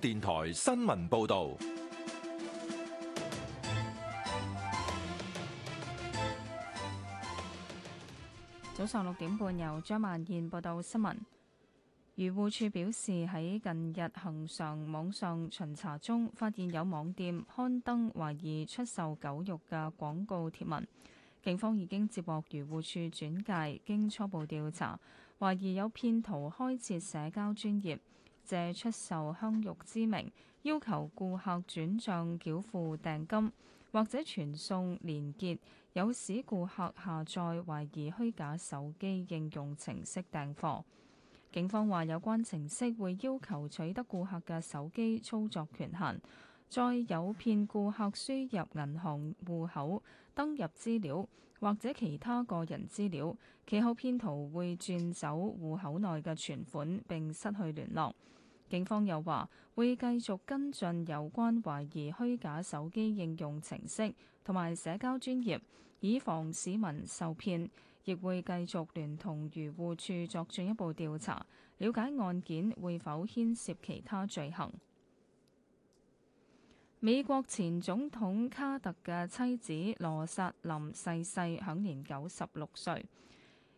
電台新聞報道：早上六點半，由張萬燕報道新聞。漁護處表示，喺近日恒常網上巡查中，發現有網店刊登懷疑出售狗肉嘅廣告貼文。警方已經接獲漁護處轉介，經初步調查，懷疑有騙徒開設社交專業。借出售香玉之名，要求顧客轉賬繳付訂金，或者傳送連結，誘使顧客下載懷疑虛假手機應用程式訂貨。警方話，有關程式會要求取得顧客嘅手機操作權限，再誘騙顧客輸入銀行戶口登入資料。或者其他個人資料，其後騙徒會轉走戶口內嘅存款並失去聯絡。警方又話會繼續跟進有關懷疑虛假手機應用程式同埋社交專業，以防市民受騙，亦會繼續聯同漁護處作進一步調查，了解案件會否牽涉其他罪行。美國前總統卡特嘅妻子羅莎林逝世，享年九十六歲。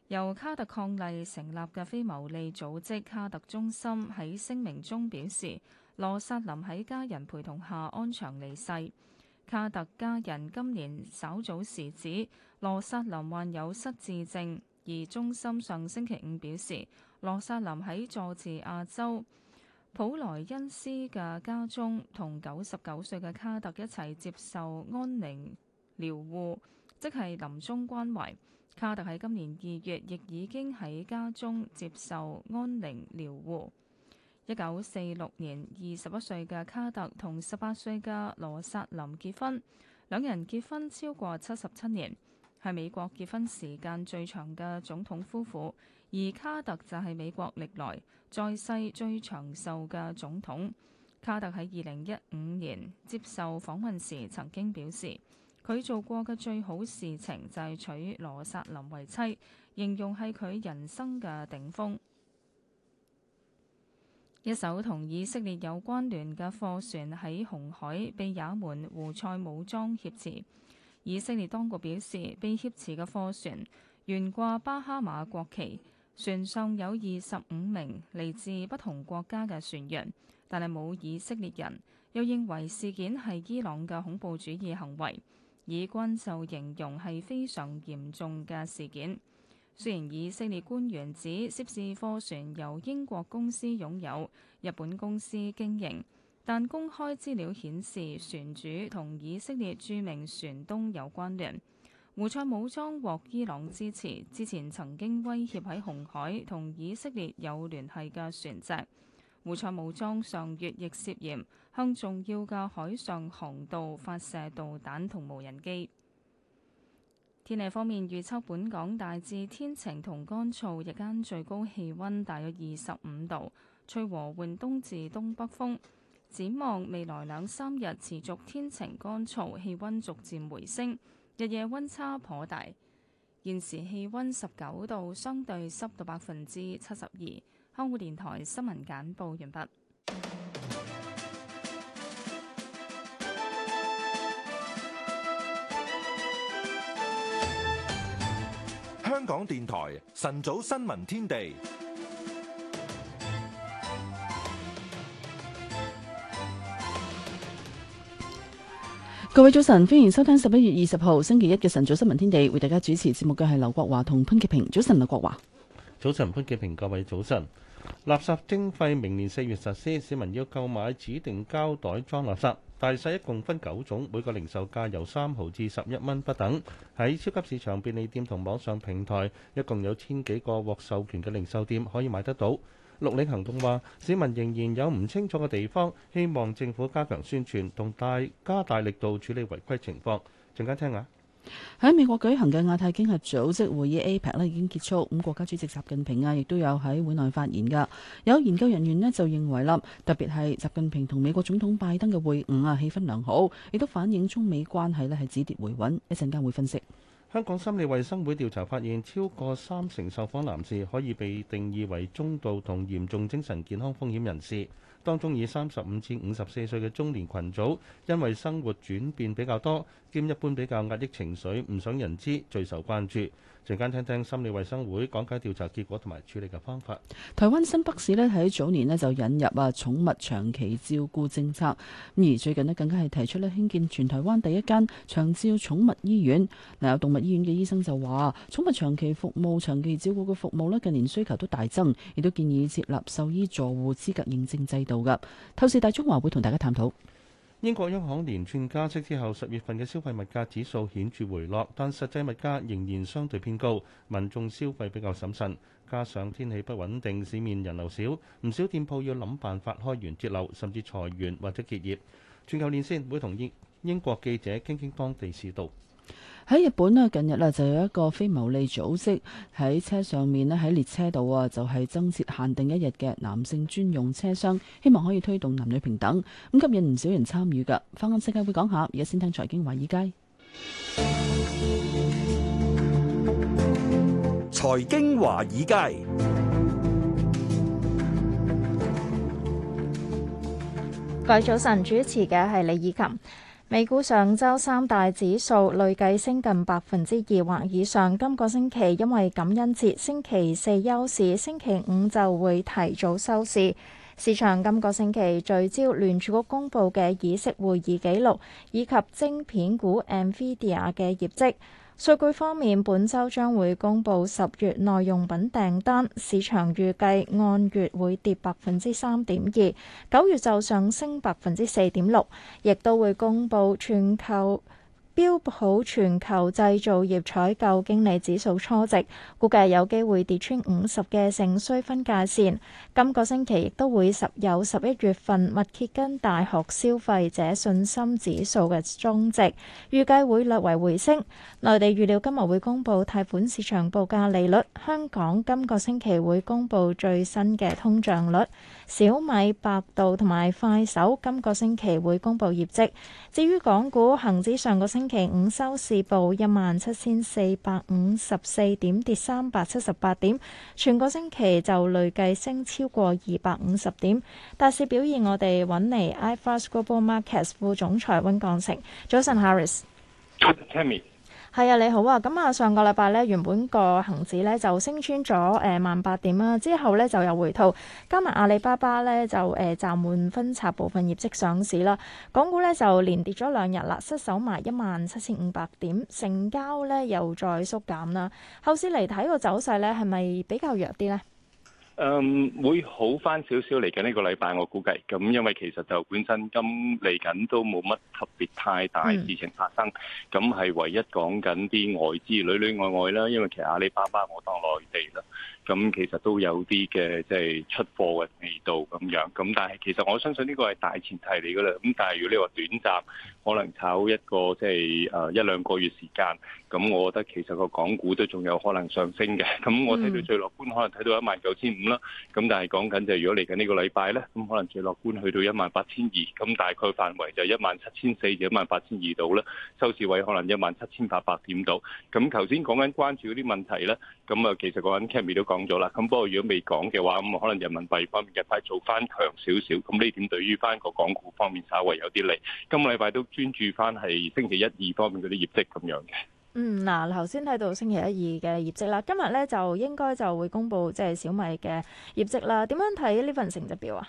由卡特伉儷成立嘅非牟利組織卡特中心喺聲明中表示，羅莎林喺家人陪同下安詳離世。卡特家人今年稍早時指羅莎林患有失智症，而中心上星期五表示，羅莎林喺佐治亞州普萊恩斯嘅家中，同九十九歲嘅卡特一齊接受安寧療護，即係臨終關懷。卡特喺今年二月亦已經喺家中接受安寧療護。一九四六年，二十一歲嘅卡特同十八歲嘅羅薩林結婚，兩人結婚超過七十七年，係美國結婚時間最長嘅總統夫婦。而卡特就係美國歷來在世最長壽嘅總統。卡特喺二零一五年接受訪問時曾經表示，佢做過嘅最好事情就係娶羅莎琳為妻，形容係佢人生嘅頂峰。一艘同以色列有關聯嘅貨船喺紅海被也門胡塞武裝挾持，以色列當局表示被挾持嘅貨船懸掛巴哈馬國旗。船上有二十五名嚟自不同國家嘅船員，但係冇以色列人。又認為事件係伊朗嘅恐怖主義行為，以軍就形容係非常嚴重嘅事件。雖然以色列官員指涉事貨船由英國公司擁有，日本公司經營，但公開資料顯示船主同以色列著名船東有關聯。胡塞武裝獲伊朗支持，之前曾經威脅喺紅海同以色列有聯繫嘅船隻。胡塞武裝上月亦涉嫌向重要嘅海上航道發射導彈同無人機。天氣方面預測，預本港大致天晴同乾燥，日間最高氣温大約二十五度，吹和緩東至東北風。展望未來兩三日持續天晴乾燥，氣温逐漸回升。日夜温差頗大，現時氣温十九度，相對濕度百分之七十二。香港電台新聞簡報完畢。香港電台晨早新聞天地。各位早晨，歡迎收聽十一月二十號星期一嘅晨早新聞天地，為大家主持節目嘅係劉國華同潘潔平。早晨，劉國華。早晨，潘潔平。各位早晨，垃圾徵費明年四月實施，市民要購買指定膠袋裝垃圾，大細一共分九種，每個零售價由三毫至十一蚊不等。喺超級市場、便利店同網上平台，一共有千幾個獲授權嘅零售店可以買得到。六厘行動話市民仍然有唔清楚嘅地方，希望政府加強宣傳同大加大力度處理違規情況。陣間聽下。喺美國舉行嘅亞太經合組織會議 APEC 已經結束，咁國家主席習近平啊，亦都有喺會內發言噶。有研究人員咧就認為啦，特別係習近平同美國總統拜登嘅會晤啊，氣氛良好，亦都反映中美關係咧係止跌回穩。一陣間會分析。香港心理衛生會調查發現，超過三成受訪男士可以被定義為中度同嚴重精神健康風險人士，當中以三十五至五十四歲嘅中年群組，因為生活轉變比較多，兼一般比較壓抑情緒，唔想人知，最受關注。陣間聽聽心理衛生會講解調查結果同埋處理嘅方法。台灣新北市咧喺早年咧就引入啊寵物長期照顧政策，而最近咧更加係提出咧興建全台灣第一間長照寵物醫院。嗱，有動物醫院嘅醫生就話，寵物長期服務、長期照顧嘅服務咧近年需求都大增，亦都建議設立獸醫助護資格認證制度。㗎，透視大中華會同大家探討。英國央行連串加息之後，十月份嘅消費物價指數顯著回落，但實際物價仍然相對偏高，民眾消費比較審慎。加上天氣不穩定，市面人流少，唔少店鋪要諗辦法開源節流，甚至裁員或者結業。全球連線會同英英國記者傾傾當地市道。喺日本呢，近日啊，就有一個非牟利組織喺車上面呢，喺列車度啊，就係增設限定一日嘅男性專用車廂，希望可以推動男女平等，咁吸引唔少人參與噶。花眼世界會講下，而家先聽財經華爾街。財經華爾街，各位早晨，主持嘅係李以琴。美股上周三大指數累計升近百分之二或以上，今個星期因為感恩節，星期四休市，星期五就會提早收市。市場今個星期聚焦聯儲局公佈嘅議息會議記錄，以及晶片股 NVIDIA 嘅業績。數據方面，本週將會公布十月內用品訂單，市場預計按月會跌百分之三點二，九月就上升百分之四點六，亦都會公布全球。標普全球製造業採購經理指數初值，估計有機會跌穿五十嘅盛衰分界線。今個星期亦都會十有十一月份密歇根大學消費者信心指數嘅終值，預計會略為回升。內地預料今日會公布貸款市場報價利率，香港今個星期會公布最新嘅通脹率。小米、百度同埋快手今個星期會公布業績。至於港股，恒指上個星期五收市報一萬七千四百五十四點，跌三百七十八點，全個星期就累計升超過二百五十點，大市表現，我哋揾嚟 iFAST Global Markets 副總裁温鋼城。早晨，Harris。 係啊，你好啊，咁啊，上個禮拜咧，原本個恒指咧就升穿咗誒、呃、萬八點啦，之後咧就有回吐，加埋阿里巴巴咧就誒暫緩分拆部分業績上市啦。港股咧就連跌咗兩日啦，失守埋一萬七千五百點，成交咧又再縮減啦。後市嚟睇個走勢咧係咪比較弱啲咧？嗯，um, 會好翻少少嚟緊呢個禮拜，我估計。咁因為其實就本身今嚟緊都冇乜特別太大事情發生，咁係、mm. 唯一講緊啲外資裏裏外外啦。因為其實阿里巴巴我當內地啦。咁其實都有啲嘅，即係出貨嘅味道咁樣。咁但係其實我相信呢個係大前提嚟噶啦。咁但係如果你話短暫，可能炒一個即係誒一兩個月時間。咁我覺得其實個港股都仲有可能上升嘅。咁我睇到最樂觀可能睇到一萬九千五啦。咁但係講緊就係如果嚟緊呢個禮拜咧，咁可能最樂觀去到一萬八千二。咁大概範圍就一萬七千四至一萬八千二度啦。收市位可能一萬七千八百點度。咁頭先講緊關注嗰啲問題咧，咁啊其實個 u n m 亦都講。講咗啦，咁不過如果未講嘅話，咁可能人民幣方面日快做翻強少少，咁呢點對於翻個港股方面稍為有啲利。今個禮拜都專注翻係星期一二方面嗰啲業績咁樣嘅。嗯，嗱，頭先睇到星期一二嘅業績啦，今日咧就應該就會公布即係小米嘅業績啦。點樣睇呢份成績表啊？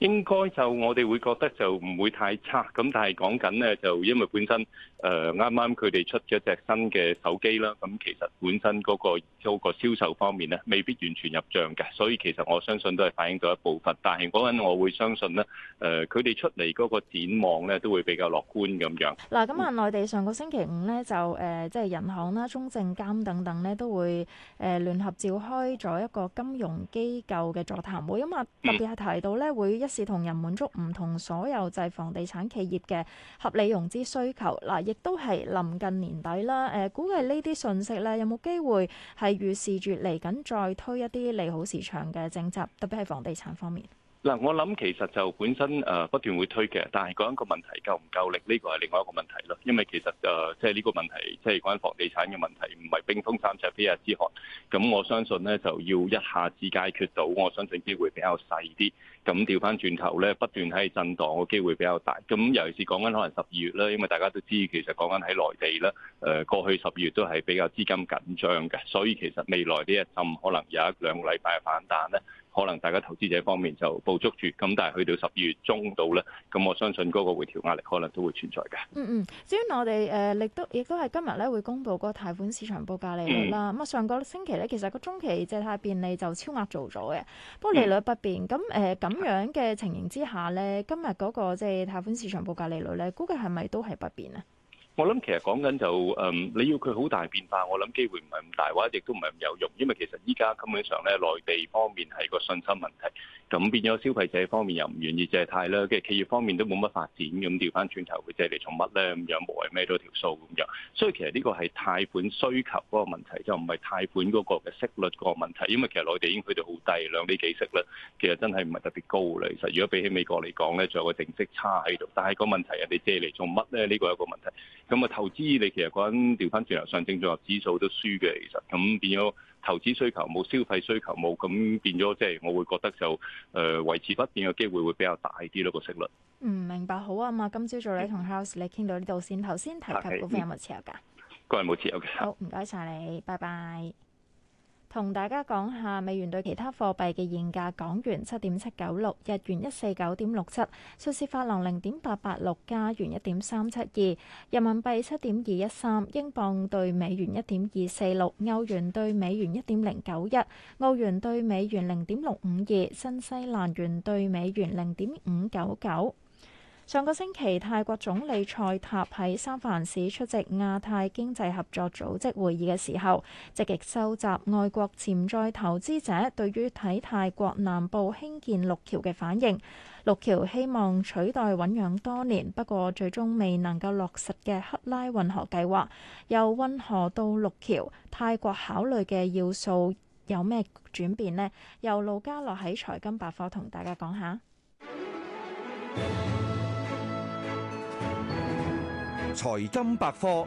應該就我哋會覺得就唔會太差，咁但係講緊咧就因為本身。誒啱啱佢哋出咗隻新嘅手機啦，咁其實本身嗰、那個嗰、那個銷售方面咧，未必完全入帳嘅，所以其實我相信都係反映到一部分。但係嗰陣我會相信呢誒佢哋出嚟嗰個展望呢都會比較樂觀咁樣。嗱、嗯，咁啊、嗯，內地上個星期五呢，就誒、呃，即係銀行啦、中證監等等呢都會誒、呃、聯合召開咗一個金融機構嘅座談會，因為特別係提到呢，會一視同仁滿足唔同所有制房地產企業嘅合理融資需求。嗱。呃嗯亦都係臨近年底啦，誒，估計呢啲信息咧有冇機會係預示住嚟緊再推一啲利好市場嘅政策，特別係房地產方面。嗱，我諗其實就本身誒不斷會推嘅，但係講一個問題夠唔夠力呢個係另外一個問題咯，因為其實誒即係呢個問題即係關於房地產嘅問題，唔係冰封三尺非一日之寒，咁我相信咧就要一下子解決到，我相信機會比較細啲。咁調翻轉頭咧，不斷喺震盪嘅機會比較大。咁尤其是講緊可能十二月咧，因為大家都知其實講緊喺內地咧，誒過去十二月都係比較資金緊張嘅，所以其實未來呢一陣可能有一兩個禮拜嘅反彈咧，可能大家投資者方面就捕捉住。咁但係去到十二月中度咧，咁我相信嗰個回調壓力可能都會存在嘅。嗯嗯，至於我哋誒力都亦都係今日咧會公布嗰個貸款市場報價利率啦。咁啊上個星期咧，其實個中期借貸便利就超額做咗嘅，不過利率不變。咁誒咁。咁樣嘅情形之下咧，今日嗰個即係貸款市場報價利率咧，估計係咪都係不變啊？我諗其實講緊就誒、嗯，你要佢好大變化，我諗機會唔係咁大，或者亦都唔係咁有用，因為其實依家根本上咧，內地方面係個信心問題，咁變咗消費者方面又唔願意借貸啦，跟住企業方面都冇乜發展，咁調翻轉頭佢借嚟做乜咧咁樣，無謂孭多條數咁樣。所以其實呢個係貸款需求嗰個問題，就唔係貸款嗰個嘅息率個問題，因為其實內地已經去到好低兩呢幾息啦，其實真係唔係特別高啦。其實如果比起美國嚟講咧，仲有個定息差喺度，但係個問題人哋借嚟做乜咧？呢、呢個有一個問題。咁啊，投資你其實講調翻轉頭上證綜合指數都輸嘅，其實咁變咗投資需求冇，消費需求冇，咁變咗即係我會覺得就誒、呃、維持不變嘅機會會比較大啲咯，個息率。唔、嗯、明白好啊嘛，今朝早你同 House 你傾到呢度先，頭先提及嗰邊有冇持有噶，個人冇持有、嗯、有，有 k、okay。好，唔該晒你，拜拜。同大家講下美元對其他貨幣嘅現價：港元七點七九六，日元一四九點六七，瑞士法郎零點八八六，加元一點三七二，人民幣七點二一三，英鎊對美元一點二四六，歐元對美元一點零九一，澳元對美元零點六五二，新西蘭元對美元零點五九九。上個星期，泰國總理蔡塔喺三藩市出席亞太經濟合作組織會議嘅時候，積極收集外國潛在投資者對於睇泰國南部興建陸橋嘅反應。陸橋希望取代醖釀多年不過最終未能夠落實嘅克拉運河計劃，由運河到陸橋，泰國考慮嘅要素有咩轉變呢？由盧家樂喺財經百科同大家講下。 財金百科。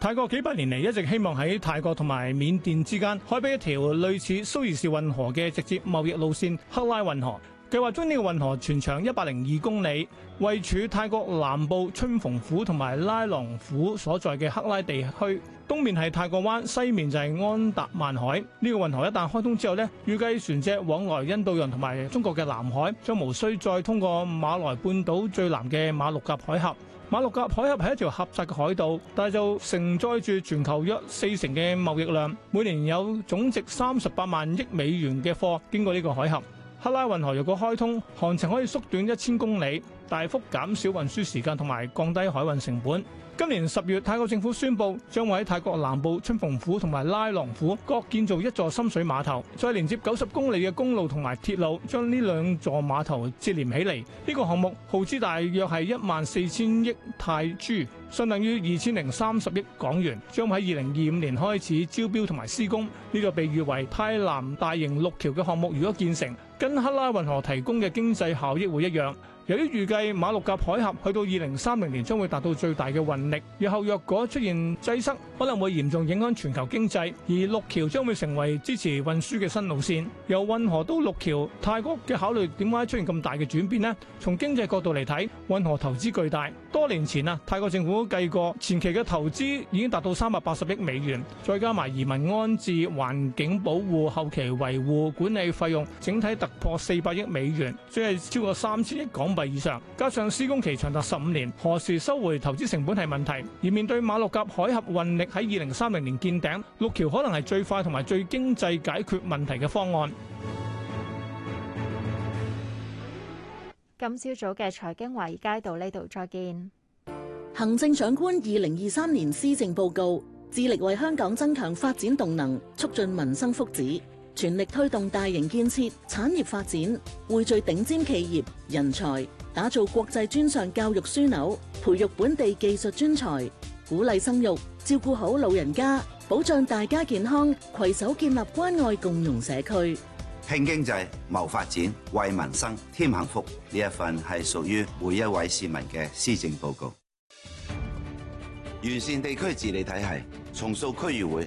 泰國幾百年嚟一直希望喺泰國同埋緬甸之間開辟一條類似蘇伊士運河嘅直接貿易路線——克拉運河。計劃將呢個運河全長一百零二公里，位處泰國南部春蓬府同埋拉廊府所在嘅克拉地區。東面係泰國灣，西面就係安達曼海。呢個運河一旦開通之後呢，預計船隻往來印度洋同埋中國嘅南海將無需再通過馬來半島最南嘅馬六甲海峽。馬六甲海峽係一條狹窄嘅海道，但係就承載住全球約四成嘅貿易量，每年有總值三十八萬億美元嘅貨經過呢個海峽。克拉運河若果開通，航程可以縮短一千公里，大幅減少運輸時間同埋降低海運成本。今年十月，泰國政府宣布將會喺泰國南部春蓬府同埋拉廊府各建造一座深水碼頭，再連接九十公里嘅公路同埋鐵路，將呢兩座碼頭接連起嚟。呢個項目耗資大約係一萬四千億泰銖，相當於二千零三十億港元，將喺二零二五年開始招標同埋施工。呢個被譽為泰南大型陸橋嘅項目，如果建成，跟克拉運河提供嘅經濟效益會一樣。由於預計馬六甲海峽去到二零三零年將會達到最大嘅運力，日後若果出現擠塞，可能會嚴重影響全球經濟，而陸橋將會成為支持運輸嘅新路線。由運河到陸橋，泰國嘅考慮點解出現咁大嘅轉變呢？從經濟角度嚟睇，運河投資巨大，多年前啊，泰國政府計過前期嘅投資已經達到三百八十億美元，再加埋移民安置、環境保護、後期維護管理費用，整體突破四百億美元，即係超過三千億港元。億以上，加上施工期長達十五年，何時收回投資成本係問題。而面對馬六甲海峽運力喺二零三零年見頂，六橋可能係最快同埋最經濟解決問題嘅方案。今朝早嘅財經華爾街到呢度再見。行政長官二零二三年施政報告，致力為香港增強發展動能，促進民生福祉。全力推動大型建設、產業發展，匯聚頂尖企業人才，打造國際專上教育樞紐，培育本地技術專才，鼓勵生育，照顧好老人家，保障大家健康，攜手建立關愛共融社區。興經濟、謀發展、為民生添幸福，呢一份係屬於每一位市民嘅施政報告。完善地區治理體系，重塑區議會。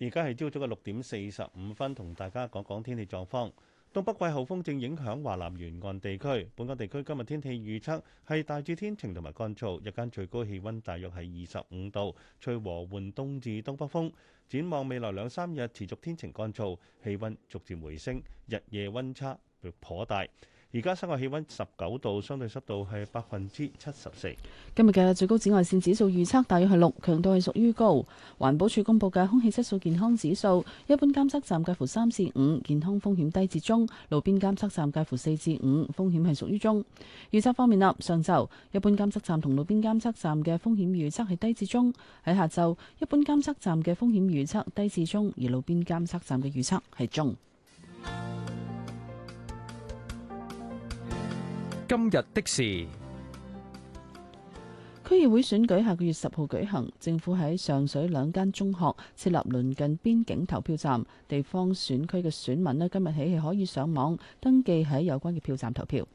而家係朝早嘅六點四十五分，同大家講講天氣狀況。東北季候風正影響華南沿岸地區，本港地區今日天，天氣預測係大致天晴同埋乾燥，日間最高氣温大約係二十五度，吹和緩東至東北風。展望未來兩三日持續天晴乾燥，氣温逐漸回升，日夜温差略頗大。而家室外氣溫十九度，相對濕度係百分之七十四。今日嘅最高紫外線指數預測大約係六，強度係屬於高。環保署公布嘅空氣質素健康指數，一般監測站介乎三至五，健康風險低至中；路邊監測站介乎四至五，風險係屬於中。預測方面啦，上晝一般監測站同路邊監測站嘅風險預測係低至中；喺下晝，一般監測站嘅風險預測低至中，而路邊監測站嘅預測係中。今日的事，區議會選舉下個月十號舉行。政府喺上水兩間中學設立鄰近邊境投票站，地方選區嘅選民咧今日起係可以上網登記喺有關嘅票站投票。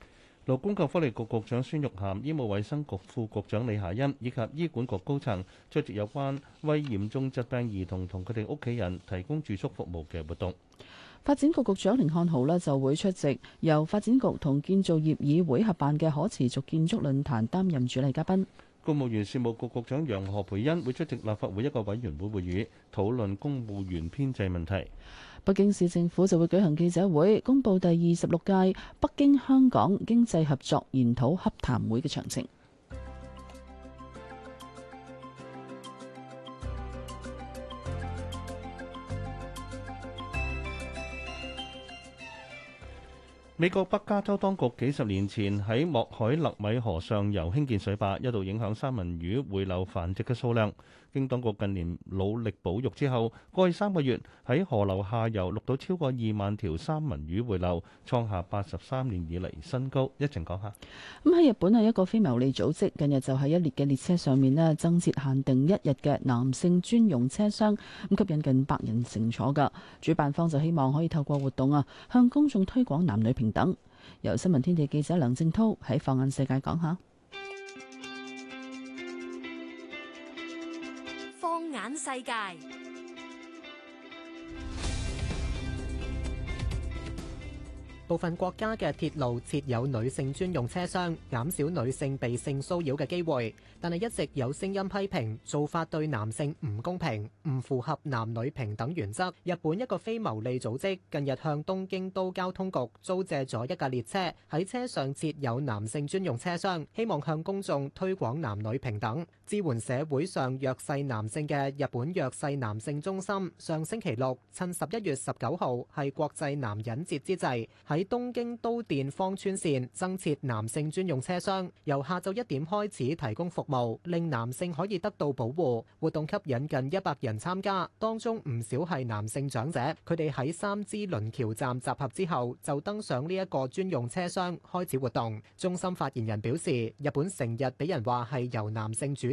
勞工及福利局局長孫玉菡、醫務衛生局副局長李夏欣以及醫管局高層出席有關為嚴重疾病兒童同佢哋屋企人提供住宿服務嘅活動。發展局局長凌漢豪呢就會出席由發展局同建造業議會合辦嘅可持續建築論壇，擔任主禮嘉賓。公務員事務局局長楊何培恩會出席立法會一個委員會會議，討論公務員編制問題。北京市政府就會舉行記者會，公布第二十六屆北京香港經濟合作研討洽談會嘅詳情。美國北加州當局幾十年前喺莫海勒米河上游興建水壩，一度影響三文魚回流繁殖嘅數量。經當局近年努力保育之後，過去三個月喺河流下游錄到超過二萬條三文魚回流，創下八十三年以嚟新高。一陣講下。咁喺、嗯、日本係一個非牟利組織，近日就喺一列嘅列車上面咧增設限定一日嘅男性專用車廂，咁吸引近百人乘坐㗎。主辦方就希望可以透過活動啊，向公眾推廣男女平等，由新聞天地記者梁正濤喺放眼世界講下。放眼世界。部分國家嘅鐵路設有女性專用車廂，減少女性被性騷擾嘅機會，但係一直有聲音批評，做法對男性唔公平，唔符合男女平等原則。日本一個非牟利組織近日向東京都交通局租借咗一架列車，喺車上設有男性專用車廂，希望向公眾推廣男女平等。支援社會上弱勢男性嘅日本弱勢男性中心，上星期六趁十一月十九號係國際男人節之際，喺東京都電荒川線增設男性專用車廂，由下晝一點開始提供服務，令男性可以得到保護。活動吸引近一百人參加，當中唔少係男性長者。佢哋喺三之輪橋站集合之後，就登上呢一個專用車廂開始活動。中心發言人表示，日本成日俾人話係由男性主。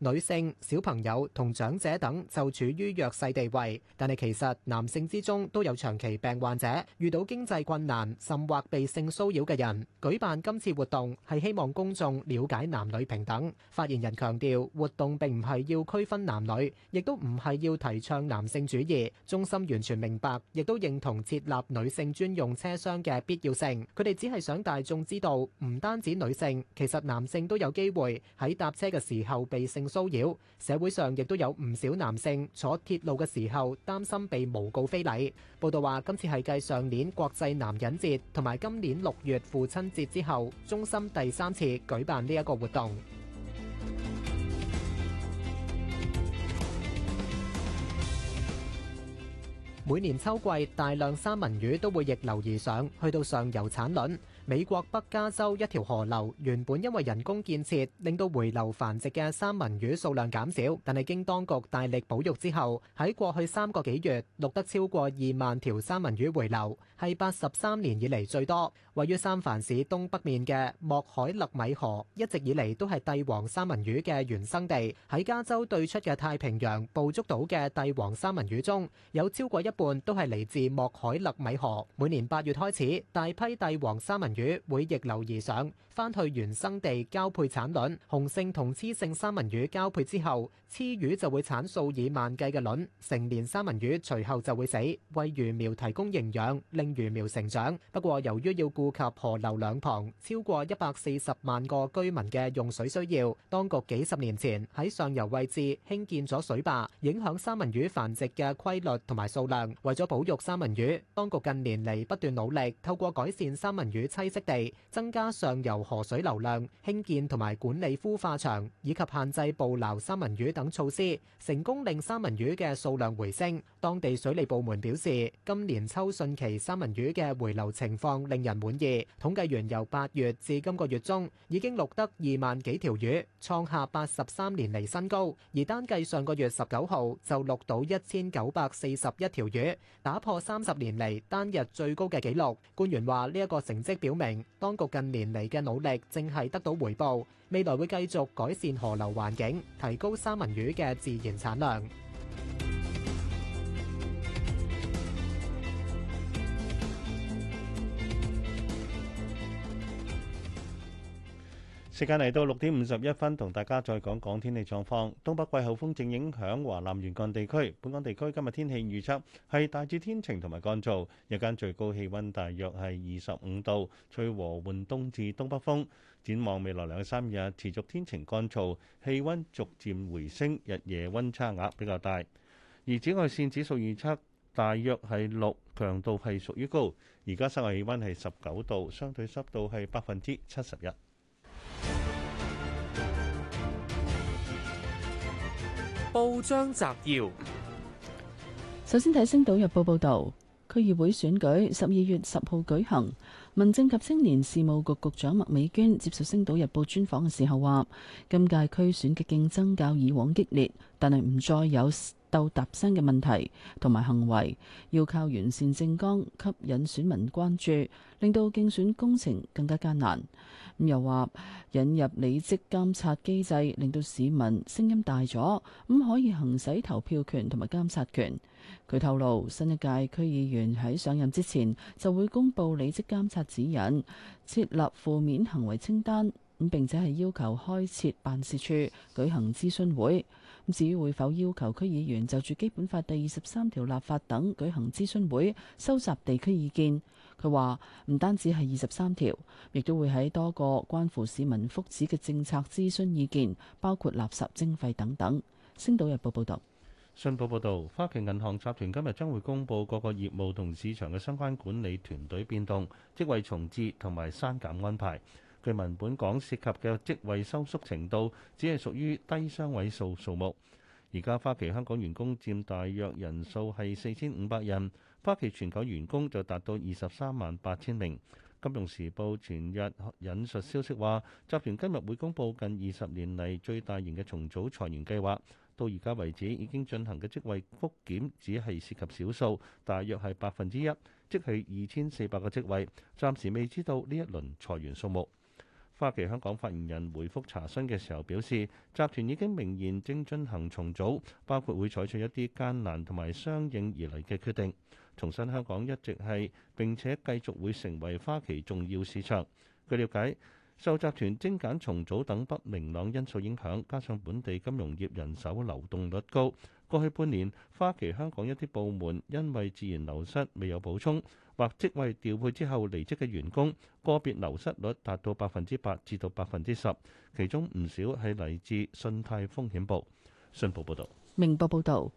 女性、小朋友同長者等就處於弱勢地位，但係其實男性之中都有長期病患者、遇到經濟困難甚或被性騷擾嘅人。舉辦今次活動係希望公眾了解男女平等。發言人強調，活動並唔係要區分男女，亦都唔係要提倡男性主義。中心完全明白，亦都認同設立女性專用車廂嘅必要性。佢哋只係想大眾知道，唔單止女性，其實男性都有機會喺搭車嘅時候被性騷擾，社會上亦都有唔少男性坐鐵路嘅時候擔心被誣告非禮。報道話，今次係繼上年國際男人節同埋今年六月父親節之後，中心第三次舉辦呢一個活動。 每年秋季，大量三文魚都會逆流而上，去到上游產卵。美國北加州一條河流原本因為人工建設，令到回流繁殖嘅三文魚數量減少，但係經當局大力保育之後，喺過去三個幾月錄得超過二萬條三文魚回流。第八十三年以嚟最多，位於三藩市東北面嘅莫海勒米河一直以嚟都係帝王三文魚嘅原生地。喺加州對出嘅太平洋捕捉到嘅帝王三文魚中，有超過一半都係嚟自莫海勒米河。每年八月開始，大批帝王三文魚會逆流而上，翻去原生地交配產卵。雄性同雌性三文魚交配之後，雌魚就會產數以萬計嘅卵。成年三文魚隨後就會死，為魚苗提供營養，令魚苗成長，不過由於要顧及河流兩旁超過一百四十萬個居民嘅用水需要，當局幾十年前喺上游位置興建咗水壩，影響三文魚繁殖嘅規律同埋數量。為咗保育三文魚，當局近年嚟不斷努力，透過改善三文魚棲息地、增加上游河水流量、興建同埋管理孵化場以及限制捕撈三文魚等措施，成功令三文魚嘅數量回升。當地水利部門表示，今年秋汛期三文魚嘅回流情況令人滿意。統計員由八月至今個月中，已經錄得二萬幾條魚，創下八十三年嚟新高。而單計上個月十九號就錄到一千九百四十一條魚，打破三十年嚟單日最高嘅紀錄。官員話：呢一個成績表明，當局近年嚟嘅努力正係得到回報。未來會繼續改善河流環境，提高三文魚嘅自然產量。時間嚟到六點五十一分，同大家再講講天氣狀況。東北季候風正影響華南沿岸地區，本港地區今日天氣預測係大致天晴同埋乾燥，日間最高氣温大約係二十五度，吹和緩東至東北風。展望未來兩至三日持續天晴乾燥，氣温逐漸回升，日夜温差額比較大。而紫外線指數預測大約係六，強度係屬於高。而家室外氣温係十九度，相對濕度係百分之七十一。報章摘要：首先睇《星島日報》報道，區議會選舉十二月十號舉行。民政及青年事務局局長麥美娟接受《星島日報》專訪嘅時候話，今屆區選嘅競爭較以往激烈，但係唔再有。斗搭山嘅問題同埋行為，要靠完善政綱吸引選民關注，令到競選工程更加艱難。又話引入履職監察機制，令到市民聲音大咗，咁可以行使投票權同埋監察權。佢透露，新一屆區議員喺上任之前就會公布履職監察指引，設立負面行為清單，咁並且係要求開設辦事處，舉行諮詢會。至於會否要求區議員就住《基本法》第二十三條立法等舉行諮詢會，收集地區意見？佢話唔單止係二十三條，亦都會喺多個關乎市民福祉嘅政策諮詢意見，包括垃圾徵費等等。星島日報報道：「信報報道，花旗銀行集團今日將會公布各個業務同市場嘅相關管理團隊變動、職位重置同埋刪減安排。據聞本港涉及嘅職位收縮程度只係屬於低雙位數數目。而家花旗香港員工佔大約人數係四千五百人，花旗全球員工就達到二十三萬八千名。金融時報前日引述消息話，集團今日會公布近二十年嚟最大型嘅重組裁員計劃。到而家為止，已經進行嘅職位復檢只係涉及少數，大約係百分之一，即係二千四百個職位。暫時未知道呢一輪裁員數目。花旗香港發言人回覆查詢嘅時候表示，集團已經明言正進行重組，包括會採取一啲艱難同埋相應而嚟嘅決定。重申香港一直係並且繼續會成為花旗重要市場。據了解，受集團精簡重組等不明朗因素影響，加上本地金融業人手流動率高，過去半年花旗香港一啲部門因為自然流失未有補充。或職位調配之後離職嘅員工，個別流失率達到百分之八至到百分之十，其中唔少係嚟自信貸風險部。信報報道。明報報道。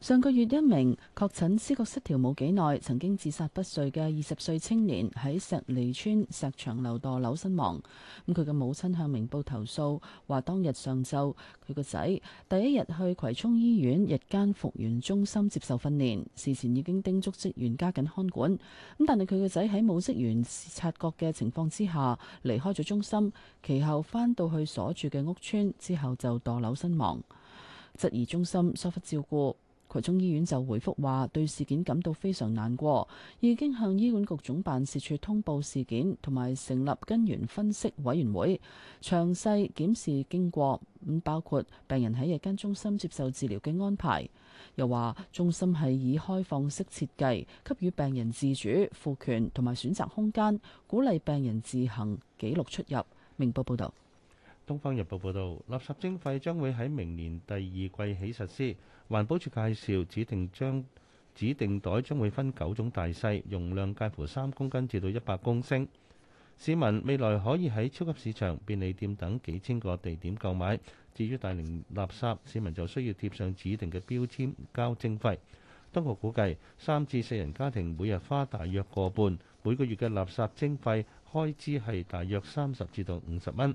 上個月，一名確診思覺失調冇幾耐，曾經自殺不遂嘅二十歲青年喺石梨村石長樓墮樓身亡。咁佢嘅母親向明報投訴，話當日上晝佢個仔第一日去葵涌醫院日間復原中心接受訓練，事前已經叮囑職員加緊看管。咁但係佢個仔喺冇職員察覺嘅情況之下離開咗中心，其後翻到去所住嘅屋村之後就墮樓身亡，質疑中心疏忽照顧。葵涌醫院就回覆話，對事件感到非常難過，已經向醫管局總辦事處通報事件，同埋成立根源分析委員會，詳細檢視經過，咁包括病人喺日間中心接受治療嘅安排。又話中心係以開放式設計，給予病人自主、賦權同埋選擇空間，鼓勵病人自行記錄出入。明報報道。《東方日報》報導，垃圾徵費將會喺明年第二季起實施。環保署介紹，指定將指定袋將會分九種大細，容量介乎三公斤至到一百公升。市民未來可以喺超級市場、便利店等幾千個地點購買。至於大型垃圾，市民就需要貼上指定嘅標籤，交徵費。當局估計，三至四人家庭每日花大約個半，每個月嘅垃圾徵費開支係大約三十至到五十蚊。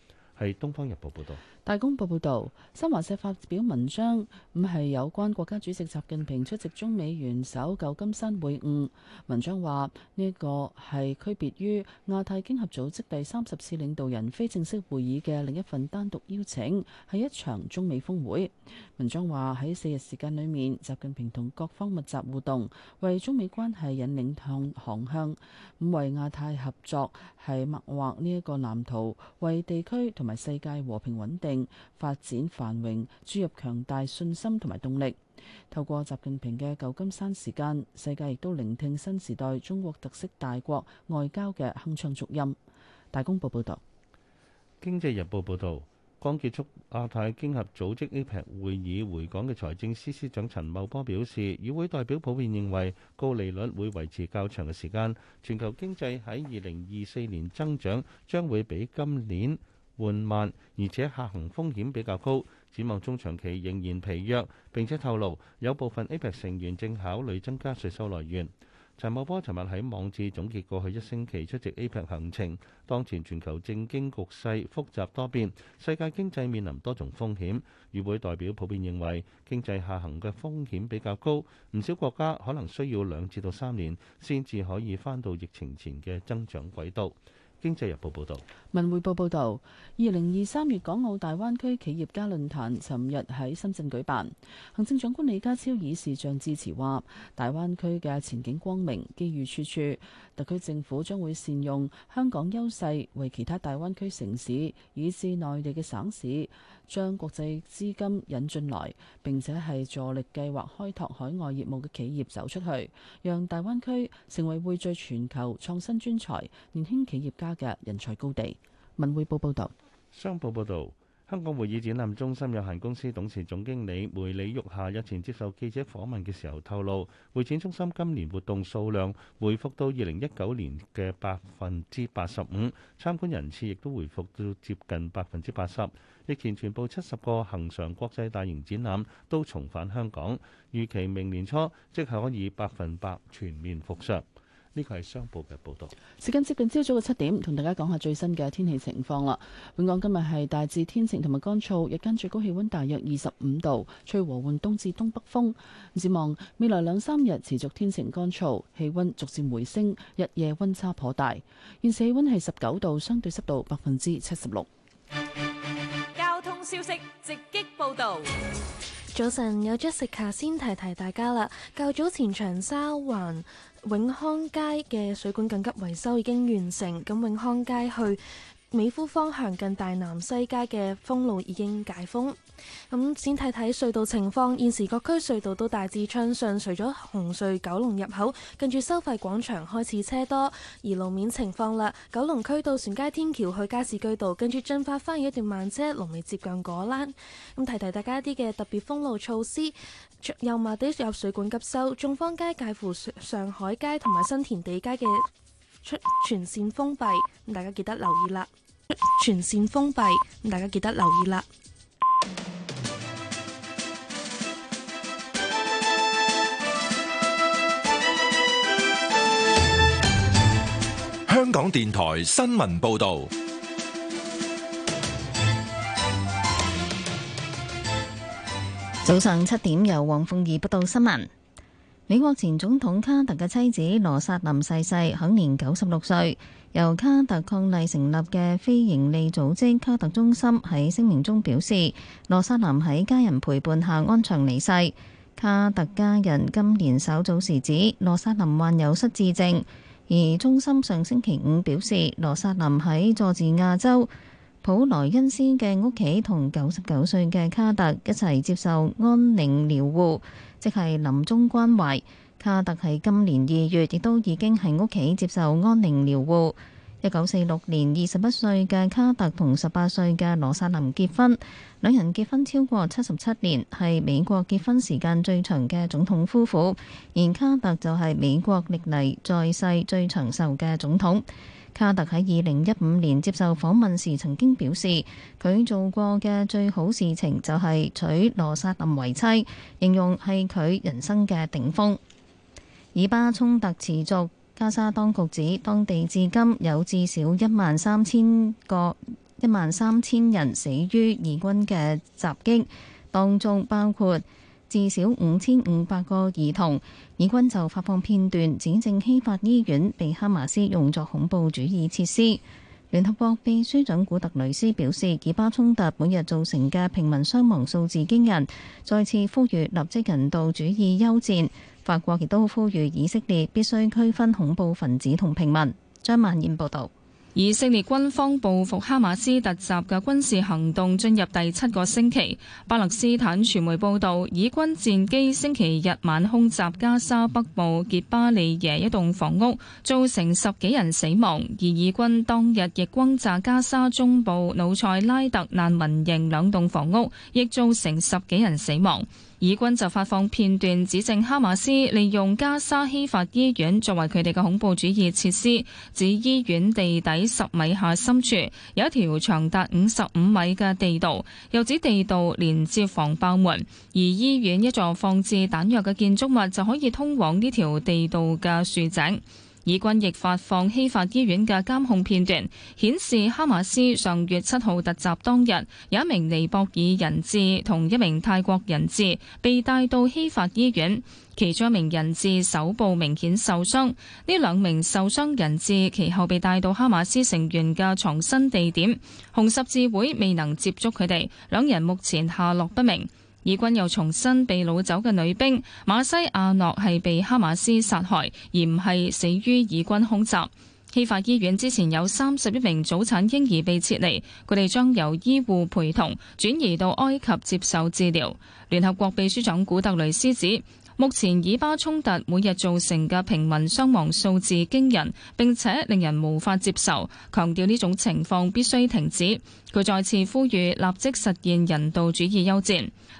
係東方日報報道，《大公報》報道，《新華社》發表文章，唔係有關國家主席習近平出席中美元首舊金山會晤。文章話呢個係區別於亞太經合組織第三十次領導人非正式會議嘅另一份單獨邀請係一場中美峰會。文章話喺四日時間裏面，習近平同各方密集互動，為中美關係引領向航向，五為亞太合作係擘畫呢一個藍圖為地區同埋。世界和平、穩定、發展、繁榮注入強大信心同埋動力。透過習近平嘅舊金山時間，世界亦都聆聽新時代中國特色大國外交嘅鏗鏘足音。大公報報導，《經濟日報》報導，剛結束亞太經合組織 APEC 會議回港嘅財政司司長陳茂波表示，與會代表普遍認為高利率會維持較長嘅時間，全球經濟喺二零二四年增長將會比今年緩慢，而且下行風險比較高。展望中長期仍然疲弱。並且透露，有部分 APEC 成員正考慮增加稅收來源。陳茂波尋日喺網誌總結過去一星期出席 APEC 行程。當前全球政經局勢複雜多變，世界經濟面臨多重風險。與會代表普遍認為，經濟下行嘅風險比較高。唔少國家可能需要兩至到三年先至可以返到疫情前嘅增長軌道。經濟日報報導，文匯報報導，二零二三年港澳大灣區企業家論壇尋日喺深圳舉辦。行政長官李家超以視像致辭話，大灣區嘅前景光明，機遇處處。特區政府將會善用香港優勢，為其他大灣區城市以至內地嘅省市，將國際資金引進來，並且係助力計劃開拓海外業務嘅企業走出去，讓大灣區成為匯聚全球創新專才、年輕企業家嘅人才高地。文匯報報道，商報報道。香港會議展覽中心有限公司董事總經理梅李玉霞日前接受記者訪問嘅時候透露，會展中心今年活動數量回復到二零一九年嘅百分之八十五，參觀人次亦都回復到接近百分之八十。疫前全部七十個恒常國際大型展覽都重返香港，預期明年初即可以百分百全面復常。呢個係商報嘅報導。時間接近朝早嘅七點，同大家講下最新嘅天氣情況啦。本港今日係大致天晴同埋乾燥，日間最高氣温大約二十五度，吹和緩東至東北風。展望未來兩三日持續天晴乾燥，氣温逐漸回升，日夜温差頗大。現時氣温係十九度，相對濕度百分之七十六。交通消息直擊報導。早晨有 Jessica 先，提提大家啦。較早前長沙灣。永康街嘅水管緊急維修已經完成，咁永康街去美孚方向近大南西街嘅封路已經解封，咁先睇睇隧道情況。現時各區隧道都大致暢順，除咗紅隧九龍入口近住收費廣場開始車多，而路面情況啦，九龍區到船街天橋去加士居道跟住進發翻有一段慢車，龍尾接近果欄。咁提提大家一啲嘅特別封路措施，油麻地入水管急修，眾坊街介乎上海街同埋新田地街嘅。出全綫封閉，大家記得留意啦。出全綫封閉，大家記得留意啦。香港電台新聞報道，早上七點由黃鳳儀報道新聞。美國前總統卡特嘅妻子羅莎琳逝世，享年九十六歲。由卡特伉儷成立嘅非營利組織卡特中心喺聲明中表示，羅莎琳喺家人陪伴下安詳離世。卡特家人今年稍早時指羅莎琳患有失智症，而中心上星期五表示，羅莎琳喺佐治亞州普萊恩斯嘅屋企同九十九歲嘅卡特一齊接受安寧療護。即係臨終關懷，卡特喺今年二月亦都已經喺屋企接受安寧療護。一九四六年二十一歲嘅卡特同十八歲嘅羅薩林結婚，兩人結婚超過七十七年，係美國結婚時間最長嘅總統夫婦。而卡特就係美國歷嚟在世最長壽嘅總統。卡特喺二零一五年接受訪問時曾經表示，佢做過嘅最好事情就係娶羅薩林為妻，形容係佢人生嘅頂峰。以巴衝突持續，加沙當局指當地至今有至少一萬三千個一萬三千人死於以軍嘅襲擊，當中包括，至少五千五百個兒童，以軍就發放片段指證希法醫院被哈馬斯用作恐怖主義設施。聯合國秘書長古特雷斯表示，以巴衝突每日造成嘅平民傷亡數字驚人，再次呼籲立即人道主義休戰。法國亦都呼籲以色列必須區分恐怖分子同平民。張曼燕報導。以色列軍方報復哈馬斯突襲嘅軍事行動進入第七個星期。巴勒斯坦傳媒報道，以軍戰機星期日晚空襲加沙北部傑巴利耶一棟房屋，造成十幾人死亡；而以軍當日亦轟炸加沙中部努塞拉特難民營兩棟房屋，亦造成十幾人死亡。以軍就發放片段指證哈馬斯利用加沙希法醫院作為佢哋嘅恐怖主義設施，指醫院地底十米下深處有一條長達五十五米嘅地道，又指地道連接防爆門，而醫院一座放置彈藥嘅建築物就可以通往呢條地道嘅豎井。以軍亦發放希法醫院嘅監控片段，顯示哈馬斯上月七號突襲當日，有一名尼泊爾人質同一名泰國人質被帶到希法醫院，其中一名人質手部明顯受傷。呢兩名受傷人質其後被帶到哈馬斯成員嘅藏身地點，紅十字會未能接觸佢哋，兩人目前下落不明。以軍又重新被擄走嘅女兵馬西亞諾係被哈馬斯殺害，而唔係死於以軍空襲。希法醫院之前有三十一名早產嬰兒被撤離，佢哋將由醫護陪同轉移到埃及接受治療。聯合國秘書長古特雷斯指，目前以巴衝突每日造成嘅平民傷亡數字驚人，並且令人無法接受，強調呢種情況必須停止。佢再次呼籲立即實現人道主義休戰。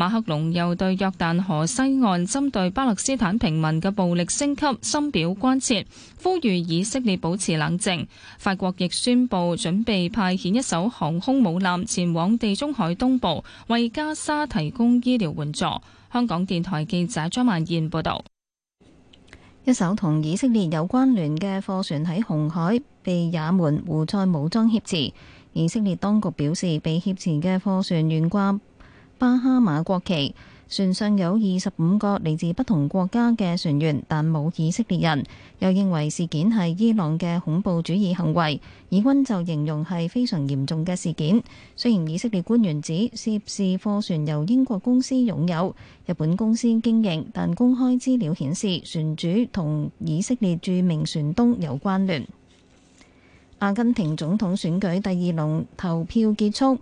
馬克龍又對約旦河西岸針對巴勒斯坦平民嘅暴力升級深表關切，呼籲以色列保持冷靜。法國亦宣布準備派遣一艘航空母艦前往地中海東部，為加沙提供醫療援助。香港電台記者張曼燕報道：一艘同以色列有關聯嘅貨船喺紅海被也門胡塞武裝挾持，以色列當局表示被挾持嘅貨船懸掛巴哈馬國旗，船上有二十五個嚟自不同國家嘅船員，但冇以色列人。又認為事件係伊朗嘅恐怖主義行為，以軍就形容係非常嚴重嘅事件。雖然以色列官員指涉事貨船由英國公司擁有、日本公司經營，但公開資料顯示，船主同以色列著名船東有關聯。阿根廷總統選舉第二輪投票結束。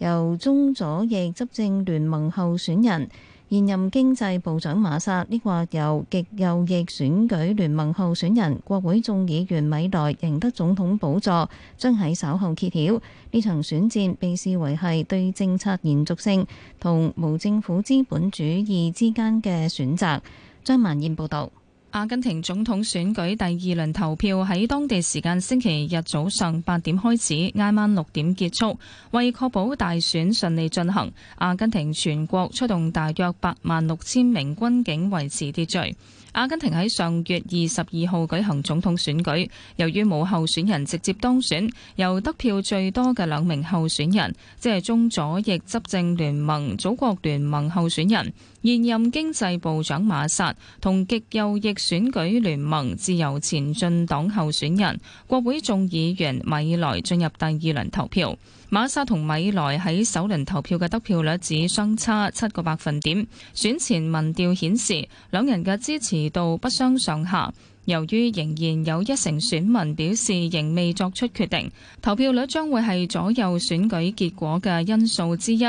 由中左翼執政聯盟候選人現任經濟部長馬薩，抑或由極右翼選舉聯盟候選人國會眾議員米萊贏得總統寶座，將喺稍後揭曉。呢場選戰被視為係對政策延續性同無政府資本主義之間嘅選擇，張萬燕報道。阿根廷總統選舉第二輪投票喺當地時間星期日早上八點開始，挨晚六點結束。為確保大選順利進行，阿根廷全國出動大約八萬六千名軍警維持秩序。阿根廷喺上月二十二號舉行總統選舉，由於冇候選人直接當選，由得票最多嘅兩名候選人，即係中左翼執政聯盟、祖國聯盟候選人現任經濟部長馬薩同極右翼選舉聯盟、自由前進黨候選人國會眾議員米萊進入第二輪投票。馬沙同米萊喺首輪投票嘅得票率只相差七個百分點。選前民調顯示兩人嘅支持度不相上下。由於仍然有一成選民表示仍未作出決定，投票率將會係左右選舉結果嘅因素之一。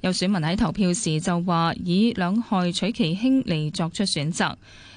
有選民喺投票時就話以兩害取其輕嚟作出選擇。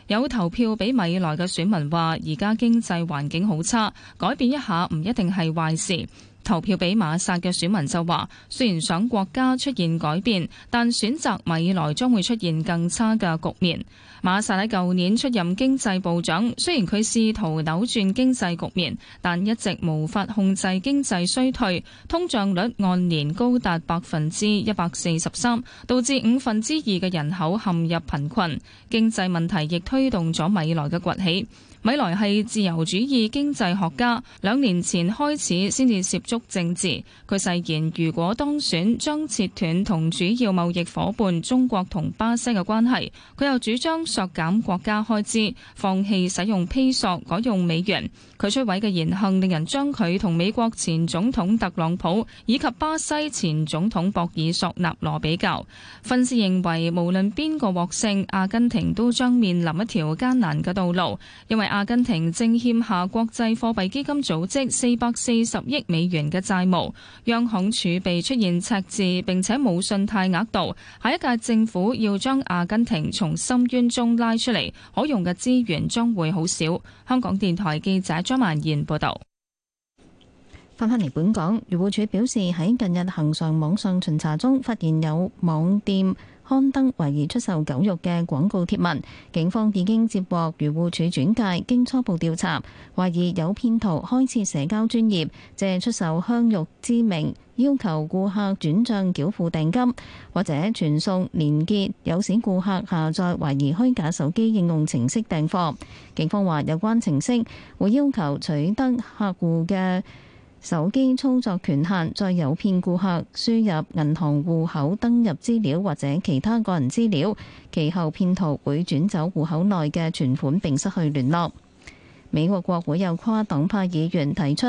有投票俾米萊嘅選民話：而家經濟環境好差，改變一下唔一定係壞事。投票俾馬薩嘅選民就話，雖然想國家出現改變，但選擇米萊將會出現更差嘅局面。馬薩喺舊年出任經濟部長，雖然佢試圖扭轉經濟局面，但一直無法控制經濟衰退，通脹率按年高達百分之一百四十三，導致五分之二嘅人口陷入貧困。經濟問題亦推動咗米萊嘅崛起。米萊係自由主義經濟學家，兩年前開始先至涉足政治。佢誓言如果當選，將切斷同主要貿易夥伴中國同巴西嘅關係，佢又主張削減國家開支，放棄使用披索，改用美元。佢出位嘅言行令人將佢同美國前總統特朗普以及巴西前總統博爾索納羅比較。分析認為，無論邊個獲勝，阿根廷都將面臨一條艱難嘅道路，因為。阿根廷正欠下國際貨幣基金組織四百四十億美元嘅債務，央行儲備出現赤字，並且冇信貸額度。下一屆政府要將阿根廷從深淵中拉出嚟，可用嘅資源將會好少。香港電台記者張曼燕報道。翻返嚟本港，漁護署表示喺近日行上網上巡查中，發現有網店。刊登懷疑出售狗肉嘅廣告貼文，警方已經接獲漁護署轉介，經初步調查，懷疑有騙徒開設社交專業，借出售香肉之名，要求顧客轉帳繳付訂金，或者傳送連結，有錢顧客下載懷疑虛假手機應用程式訂貨。警方話，有關程式會要求取得客戶嘅手機操作權限，再誘騙顧客輸入銀行戶口登入資料或者其他個人資料，其後騙徒會轉走戶口內嘅存款並失去聯絡。美國國會有跨黨派議員提出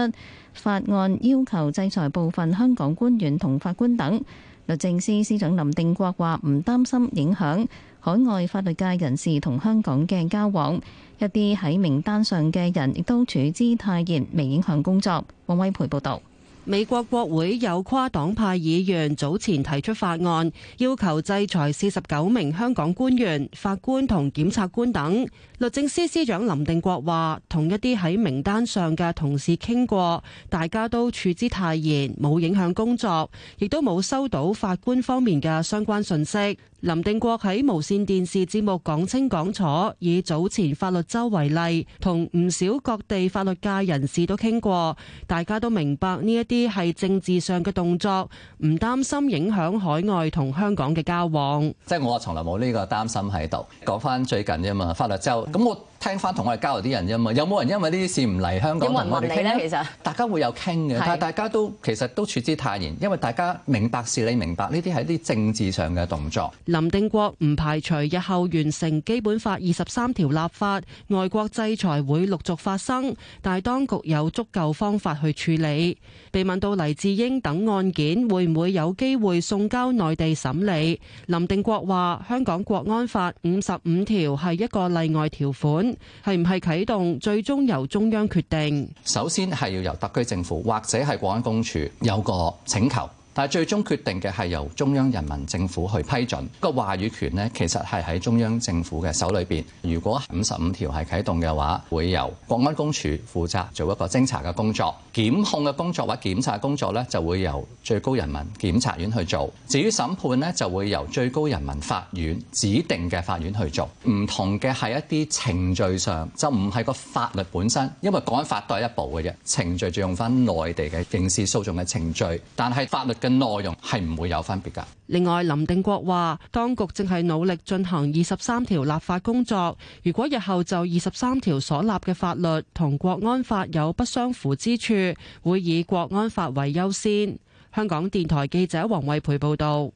法案，要求制裁部分香港官員同法官等。律政司司長林定國話：唔擔心影響。海外法律界人士同香港嘅交往，一啲喺名單上嘅人亦都處之泰然，未影響工作。王威培報道。美國國會有跨黨派議員早前提出法案，要求制裁四十九名香港官員、法官同檢察官等。律政司司司長林定國話，同一啲喺名單上嘅同事傾過，大家都處之泰然，冇影響工作，亦都冇收到法官方面嘅相關信息。林定國喺無綫電視節目講清講楚，以早前法律周為例，同唔少各地法律界人士都傾過，大家都明白呢一啲係政治上嘅動作，唔擔心影響海外同香港嘅交往。即係我啊，從來冇呢個擔心喺度。講返最近啫嘛，法律周咁我。聽翻同我哋交流啲人啫嘛，有冇人因為呢啲事唔嚟香港同我哋傾咧？其實大家會有傾嘅，但係大家都其實都處之泰然，因為大家明白事理，明白呢啲係一啲政治上嘅動作。林定國唔排除日後完成基本法二十三條立法，外國制裁會陸續發生，但係當局有足夠方法去處理。被問到黎智英等案件會唔會有機會送交內地審理，林定國話香港國安法五十五條係一個例外條款。係唔係啟動，最終由中央決定。首先係要由特區政府或者係國安公署有個請求。但最終決定嘅係由中央人民政府去批准，個話語權呢，其實係喺中央政府嘅手裏邊。如果五十五條係啟動嘅話，會由國安公署負責做一個偵查嘅工作、檢控嘅工作或者檢察工作呢，就會由最高人民檢察院去做。至於審判呢，就會由最高人民法院指定嘅法院去做。唔同嘅係一啲程序上，就唔係個法律本身，因為國安法都係一部嘅啫，程序就用翻內地嘅刑事訴訟嘅程序，但係法律嘅。內容係唔會有分別㗎。另外，林定國話，當局正係努力進行二十三條立法工作。如果日後就二十三條所立嘅法律同國安法有不相符之處，會以國安法為優先。香港電台記者黃慧培報道。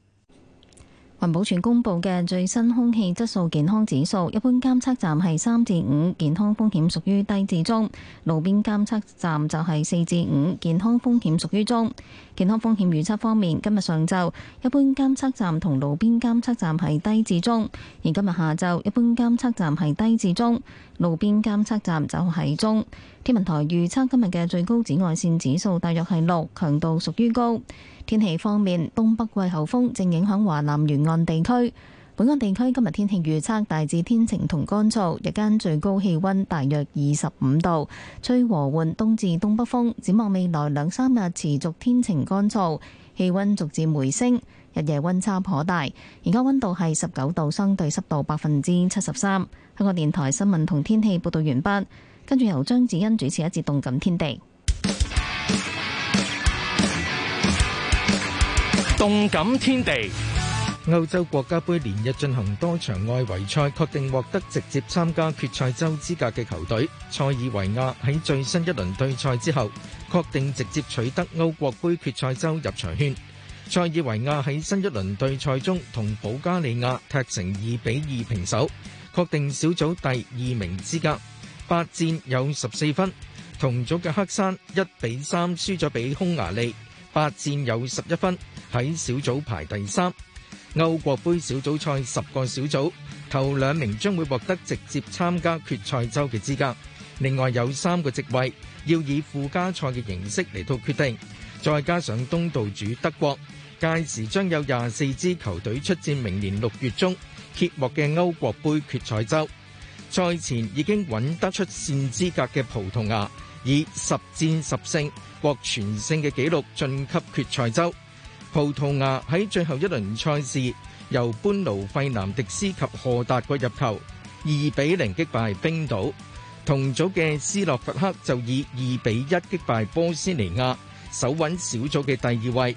環保署公布嘅最新空氣質素健康指數，一般監測站係三至五，健康風險屬於低至中；路邊監測站就係四至五，健康風險屬於中。健康風險預測方面，今日上晝一般監測站同路邊監測站係低至中，而今日下晝一般監測站係低至中，路邊監測站就係中。天文台預測今日嘅最高紫外線指數大約係六，強度屬於高。天氣方面，東北季候風正影響華南沿岸地區。本港地區今日天氣預測大致天晴同乾燥，日間最高氣溫大約二十五度，吹和緩東至東北風。展望未來兩三日持續天晴乾燥，氣溫逐漸回升，日夜溫差頗大。而家溫度係十九度，相對濕度百分之七十三。香港電台新聞同天氣報道完畢，跟住由張子欣主持一節《動感天地》。動感天地，歐洲國家盃連日進行多場外圍賽，確定獲得直接參加決賽周資格嘅球隊。塞爾維亞喺最新一輪對賽之後，確定直接取得歐國盃決賽周入場券。塞爾維亞喺新一輪對賽中同保加利亞踢成二比二平手，確定小組第二名資格。八戰有十四分，同組嘅黑山一比三輸咗俾匈牙利。八戰有十一分，喺小組排第三。歐國杯小組賽十個小組，頭兩名將會獲得直接參加決賽周嘅資格。另外有三個席位要以附加賽嘅形式嚟到決定。再加上東道主德國，屆時將有廿四支球隊出戰明年六月中揭幕嘅歐國杯決賽周。賽前已經揾得出線資格嘅葡萄牙，以十戰十勝全勝嘅紀錄晉級決賽周。葡萄牙喺最後一輪賽事由班奴費南迪斯及賀達國入球，二比零擊敗冰島。同組嘅斯洛伐克就以二比一擊敗波斯尼亞，首穩小組嘅第二位。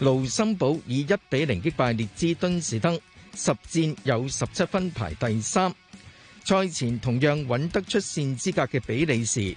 盧森堡以一比零擊敗列支敦士登，十戰有十七分排第三。賽前同樣穩得出線資格嘅比利時。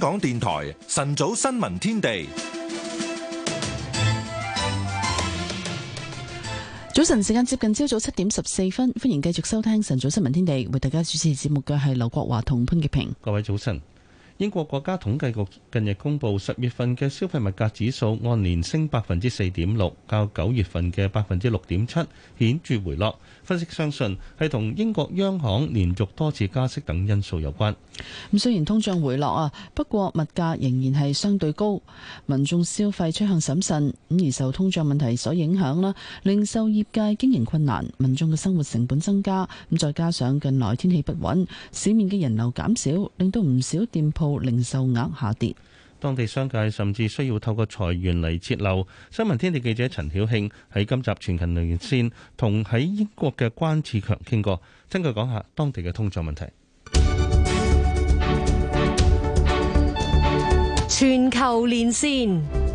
香港電台晨早新聞天地，早晨時間接近朝早七點十四分，歡迎繼續收聽晨早新聞天地，為大家主持節目嘅係劉國華同潘潔平。各位早晨！英國國家統計局近日公布，十月份嘅消費物價指數按年升百分之四點六，較九月份嘅百分之六點七顯著回落。分析相信係同英國央行連續多次加息等因素有關。咁雖然通脹回落啊，不過物價仍然係相對高，民眾消費趨向審慎。咁而受通脹問題所影響啦，零售業界經營困難，民眾嘅生活成本增加。咁再加上近來天氣不穩，市面嘅人流減少，令到唔少店鋪零售額下跌。當地商界甚至需要透過裁員嚟節流。新聞天地記者陳曉慶喺今集全球連線，同喺英國嘅關志強傾過，聽佢講下當地嘅通脹問題。全球連線。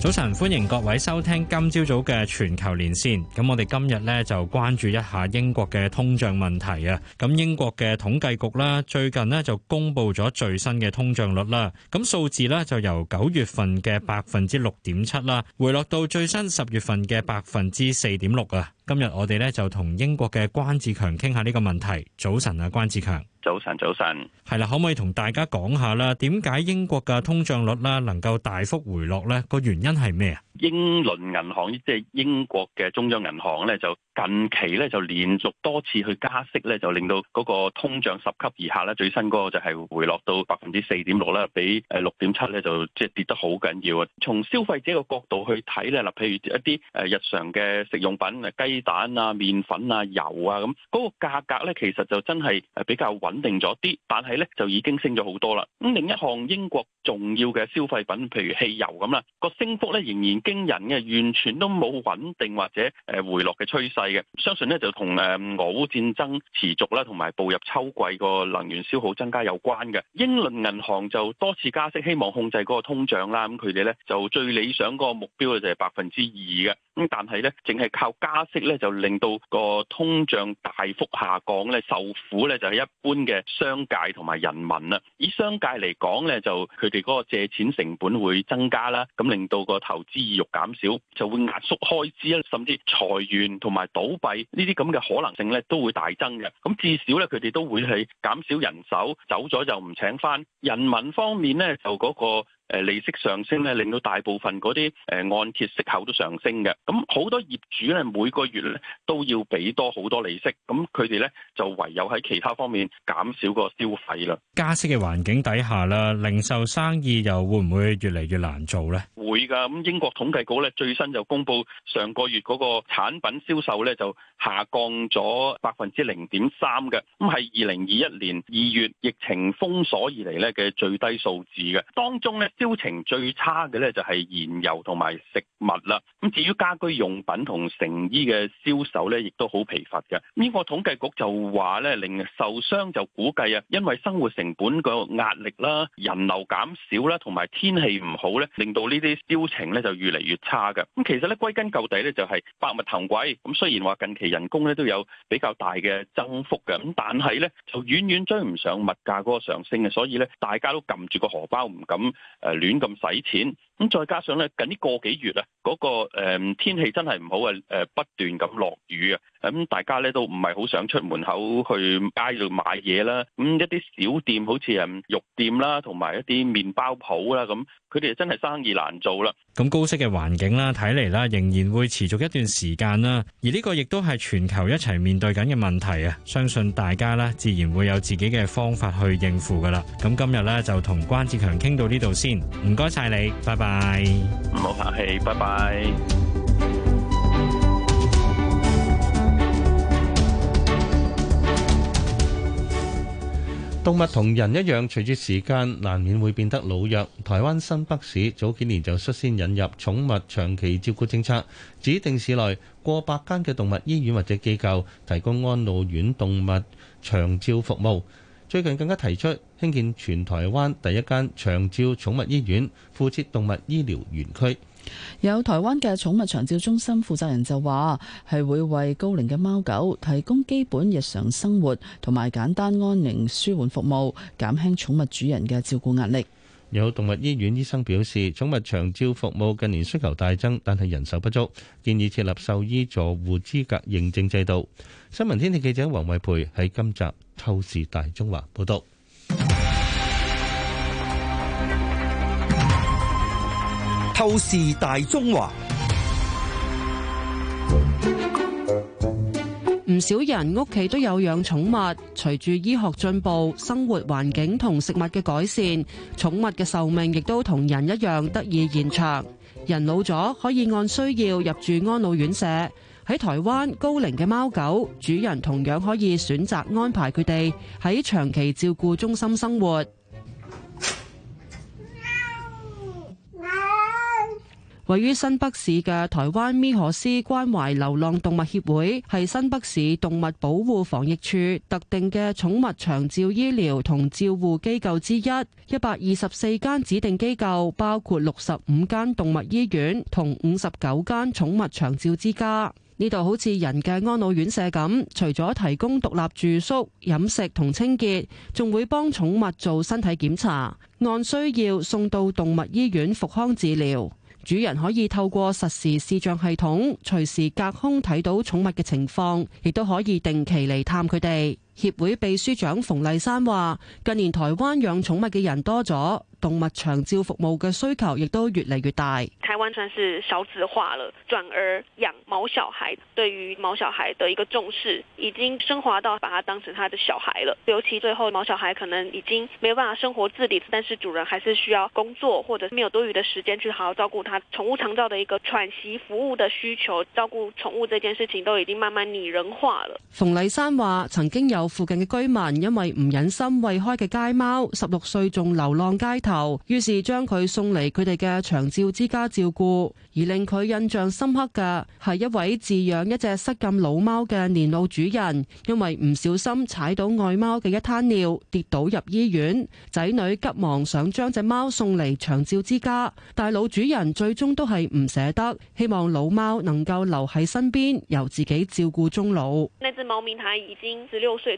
早晨，歡迎各位收聽今朝早嘅全球連線。咁我哋今日咧，就關注一下英國嘅通脹問題啊。咁英國嘅統計局啦，最近呢，就公布咗最新嘅通脹率啦。咁數字咧，就由九月份嘅百分之六點七啦，回落到最新十月份嘅百分之四點六啊。今日我哋咧就同英國嘅關志強傾下呢個問題。早晨啊，關志強，早晨早晨，係啦，可唔可以同大家講下啦？點解英國嘅通脹率啦能夠大幅回落呢？個原因係咩啊？英倫銀行，即係英國嘅中央銀行咧，就近期咧就連續多次去加息咧，就令到嗰個通脹十級以下咧。最新嗰個就係回落到百分之四點六啦，比誒六點七咧就即係跌得好緊要啊！從消費者嘅角度去睇咧，嗱，譬如一啲誒日常嘅食用品啊，雞蛋啊、麵粉啊、油啊咁，嗰個價格咧其實就真係誒比較穩定咗啲，但係咧就已經升咗好多啦。咁另一項英國重要嘅消費品，譬如汽油咁啦，個升幅咧仍然驚人嘅，完全都冇穩定或者誒回落嘅趨勢嘅，相信咧就同誒俄烏戰爭持續啦，同埋步入秋季個能源消耗增加有關嘅。英倫銀行就多次加息，希望控制嗰個通脹啦。咁佢哋咧就最理想個目標就係百分之二嘅。咁但係咧，淨係靠加息咧，就令到個通脹大幅下降咧，受苦咧就係一般嘅商界同埋人民啦。以商界嚟講咧，就佢哋嗰個借錢成本會增加啦，咁令到個投資意欲減少，就會壓縮開支啊，甚至裁員同埋倒閉呢啲咁嘅可能性咧都會大增嘅。咁至少咧，佢哋都會係減少人手，走咗就唔請翻。人民方面咧，就嗰個。誒利息上升咧，令到大部分嗰啲誒按揭息口都上升嘅。咁好多業主咧，每個月咧都要俾多好多利息，咁佢哋咧就唯有喺其他方面減少個消費啦。加息嘅環境底下啦，零售生意又會唔會越嚟越難做咧？會㗎。咁英國統計局咧最新就公布上個月嗰個產品銷售咧就下降咗百分之零點三嘅。咁係二零二一年二月疫情封鎖以嚟咧嘅最低數字嘅，當中咧。銷情最差嘅咧就係燃油同埋食物啦。咁至於家居用品同成衣嘅銷售咧，亦都好疲乏嘅。呢個統計局就話咧，零售商就估計啊，因為生活成本個壓力啦、人流減少啦，同埋天氣唔好咧，令到呢啲銷情咧就越嚟越差嘅。咁其實咧，歸根究底咧，就係百物騰貴。咁雖然話近期人工咧都有比較大嘅增幅嘅，咁但係咧就遠遠追唔上物價嗰個上升嘅，所以咧大家都撳住個荷包唔敢。誒亂咁使錢。 咁再加上咧，近、那、呢個幾月啊，嗰、呃、個天氣真係唔好啊，誒、呃、不斷咁落雨啊，咁、呃、大家咧都唔係好想出門口去街度買嘢啦。咁、嗯、一啲小店，好似係肉店啦，同埋一啲麵包鋪啦，咁佢哋真係生意難做啦。咁高息嘅環境啦，睇嚟啦，仍然會持續一段時間啦。而呢個亦都係全球一齊面對緊嘅問題啊。相信大家咧，自然會有自己嘅方法去應付噶啦。咁今日咧就同關志強傾到呢度先，唔該晒你，拜拜。唔好客氣，拜拜。動物同人一樣，隨住時間難免會變得老弱。台灣新北市早幾年就率先引入寵物長期照顧政策，指定市內過百間嘅動物醫院或者機構提供安老院動物長照服務。最近更加提出興建全台灣第一間長照寵物醫院，附設動物醫療園區，有台灣嘅寵物長照中心負責人就話，係會為高齡嘅貓狗提供基本日常生活同埋簡單安寧舒緩服務，減輕寵物主人嘅照顧壓力。有動物醫院醫生表示，寵物長照服務近年需求大增，但係人手不足，建議設立獸醫助護資格認證制度。新聞天地記者王慧培喺今集透視大中華報道。透視大中華。報導。唔少人屋企都有養寵物，隨住醫學進步，生活環境同食物嘅改善，寵物嘅壽命亦都同人一樣得以延長。人老咗可以按需要入住安老院舍，喺台灣高齡嘅貓狗主人同樣可以選擇安排佢哋喺長期照顧中心生活。位於新北市嘅台灣咪可斯關懷流浪動物協會係新北市動物保護防疫處特定嘅寵物長照醫療同照護機構之一，一百二十四間指定機構包括六十五間動物醫院同五十九間寵物長照之家。呢度好似人嘅安老院舍咁，除咗提供獨立住宿、飲食同清潔，仲會幫寵物做身體檢查，按需要送到動物醫院復康治療。主人可以透過實時視像系統，隨時隔空睇到寵物嘅情況，亦都可以定期嚟探佢哋。協會秘書長馮麗珊話：近年台灣養寵物嘅人多咗，動物長照服務嘅需求亦都越嚟越大。台灣算是少子化了，轉而養毛小孩，對於毛小孩的一個重視已經升華到把它當成他的小孩了。尤其最後毛小孩可能已經沒有辦法生活自理，但是主人還是需要工作或者沒有多餘的時間去好好照顧它。寵物長照的一個喘息服務嘅需求，照顧寵物這件事情都已經慢慢擬人化了。馮麗珊話：曾經有。附近嘅居民因為唔忍心餵開嘅街貓，十六歲仲流浪街頭，於是將佢送嚟佢哋嘅長照之家照顧。而令佢印象深刻嘅係一位飼養一隻失禁老貓嘅年老主人，因為唔小心踩到外貓嘅一灘尿，跌倒入醫院，仔女急忙想將隻貓送嚟長照之家，但老主人最終都係唔捨得，希望老貓能夠留喺身邊，由自己照顧終老。那隻貓咪係已經十六歲。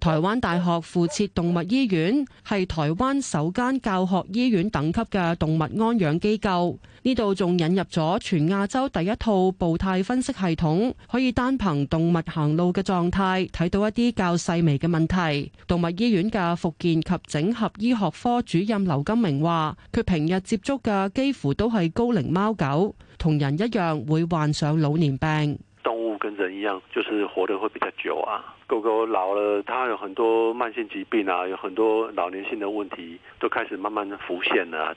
台灣大學附設動物醫院係台灣首間教學醫院等級嘅動物安養機構，呢度仲引入咗全亞洲第一套步態分析系統，可以單憑動物行路嘅狀態睇到一啲較細微嘅問題。動物醫院嘅復健及整合醫學科主任劉金明話，佢平日接觸嘅幾乎都係高齡貓狗，同人一樣會患上老年病。動物跟人一樣，就是活得會比較久啊。狗狗老了，它有很多慢性疾病啊，有很多老年性的問題，都開始慢慢的浮現了啊。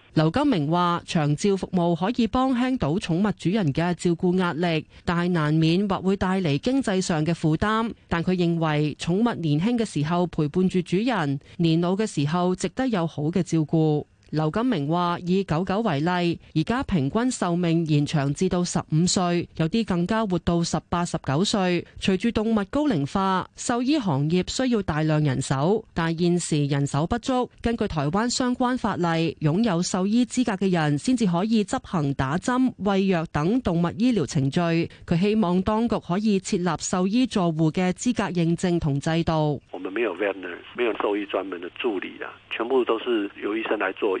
劉金明話：長照服務可以幫輕到寵物主人嘅照顧壓力，但難免或會帶嚟經濟上嘅負擔。但佢認為，寵物年輕嘅時候陪伴住主人，年老嘅時候值得有好嘅照顧。劉錦明話：以狗狗為例，而家平均壽命延長至到十五歲，有啲更加活到十八、十九歲。隨住動物高齡化，獸醫行業需要大量人手，但現時人手不足。根據台灣相關法例，擁有獸醫資格嘅人先至可以執行打針、餵藥等動物醫療程序。佢希望當局可以設立獸醫助護嘅資格認證同制度。我們沒有 v e t e r，沒有獸醫專門的助理，全部都是由醫生來做醫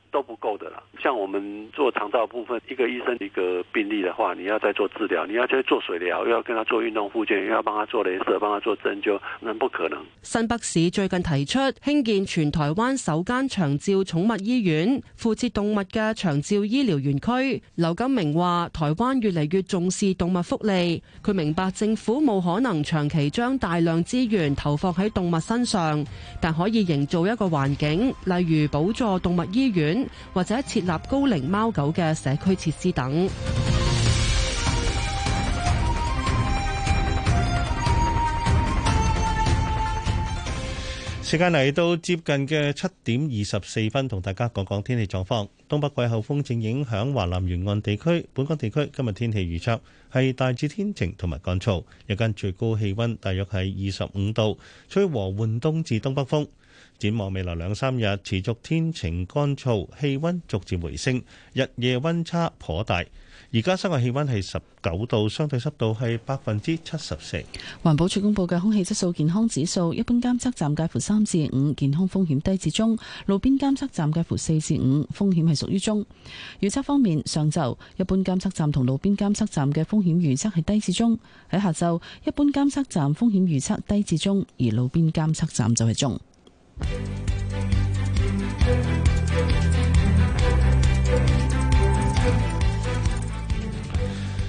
都不夠的啦，像我們做長照部分，一個醫生一個病例的話，你要再做治療，你要再做水療，又要跟他做運動復健，又要幫他做雷射，幫他做針灸，那不可能。新北市最近提出興建全台灣首間長照寵物醫院，附設動物嘅長照醫療園區。劉金明話：台灣越嚟越重視動物福利，佢明白政府冇可能長期將大量資源投放喺動物身上，但可以營造一個環境，例如補助動物醫院。或者設立高齡貓狗嘅社區設施等。時間嚟到接近嘅七點二十四分，同大家講講天氣狀況。東北季候風正影響華南沿岸地區，本港地區今日天氣預測係大致天晴同埋乾燥，日間最高氣溫大約係二十五度，吹和緩東至東北風。展望未來兩三日，持續天晴乾燥，氣溫逐漸回升，日夜溫差頗大。而家室外氣溫係十九度，相對濕度係百分之七十四。環保署公布嘅空氣質素健康指數，一般監測站介乎三至五，健康風險低至中；路邊監測站介乎四至五，風險係屬於中。預測方面，上晝一般監測站同路邊監測站嘅風險預測係低至中；喺下晝一般監測站風險預測低至中，而路邊監測站就係中。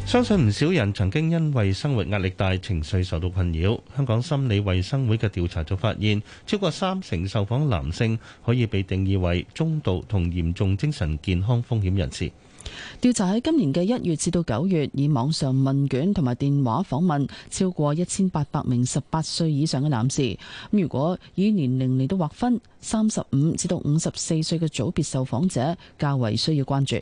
相信唔少人曾經因為生活壓力大，情緒受到困擾。香港心理衛生會嘅調查就發現，超過三成受訪男性可以被定義為中度同嚴重精神健康風險人士。調查喺今年嘅一月至到九月，以網上問卷同埋電話訪問超過一千八百名十八歲以上嘅男士。咁如果以年齡嚟到劃分，三十五至到五十四歲嘅組別受訪者較為需要關注。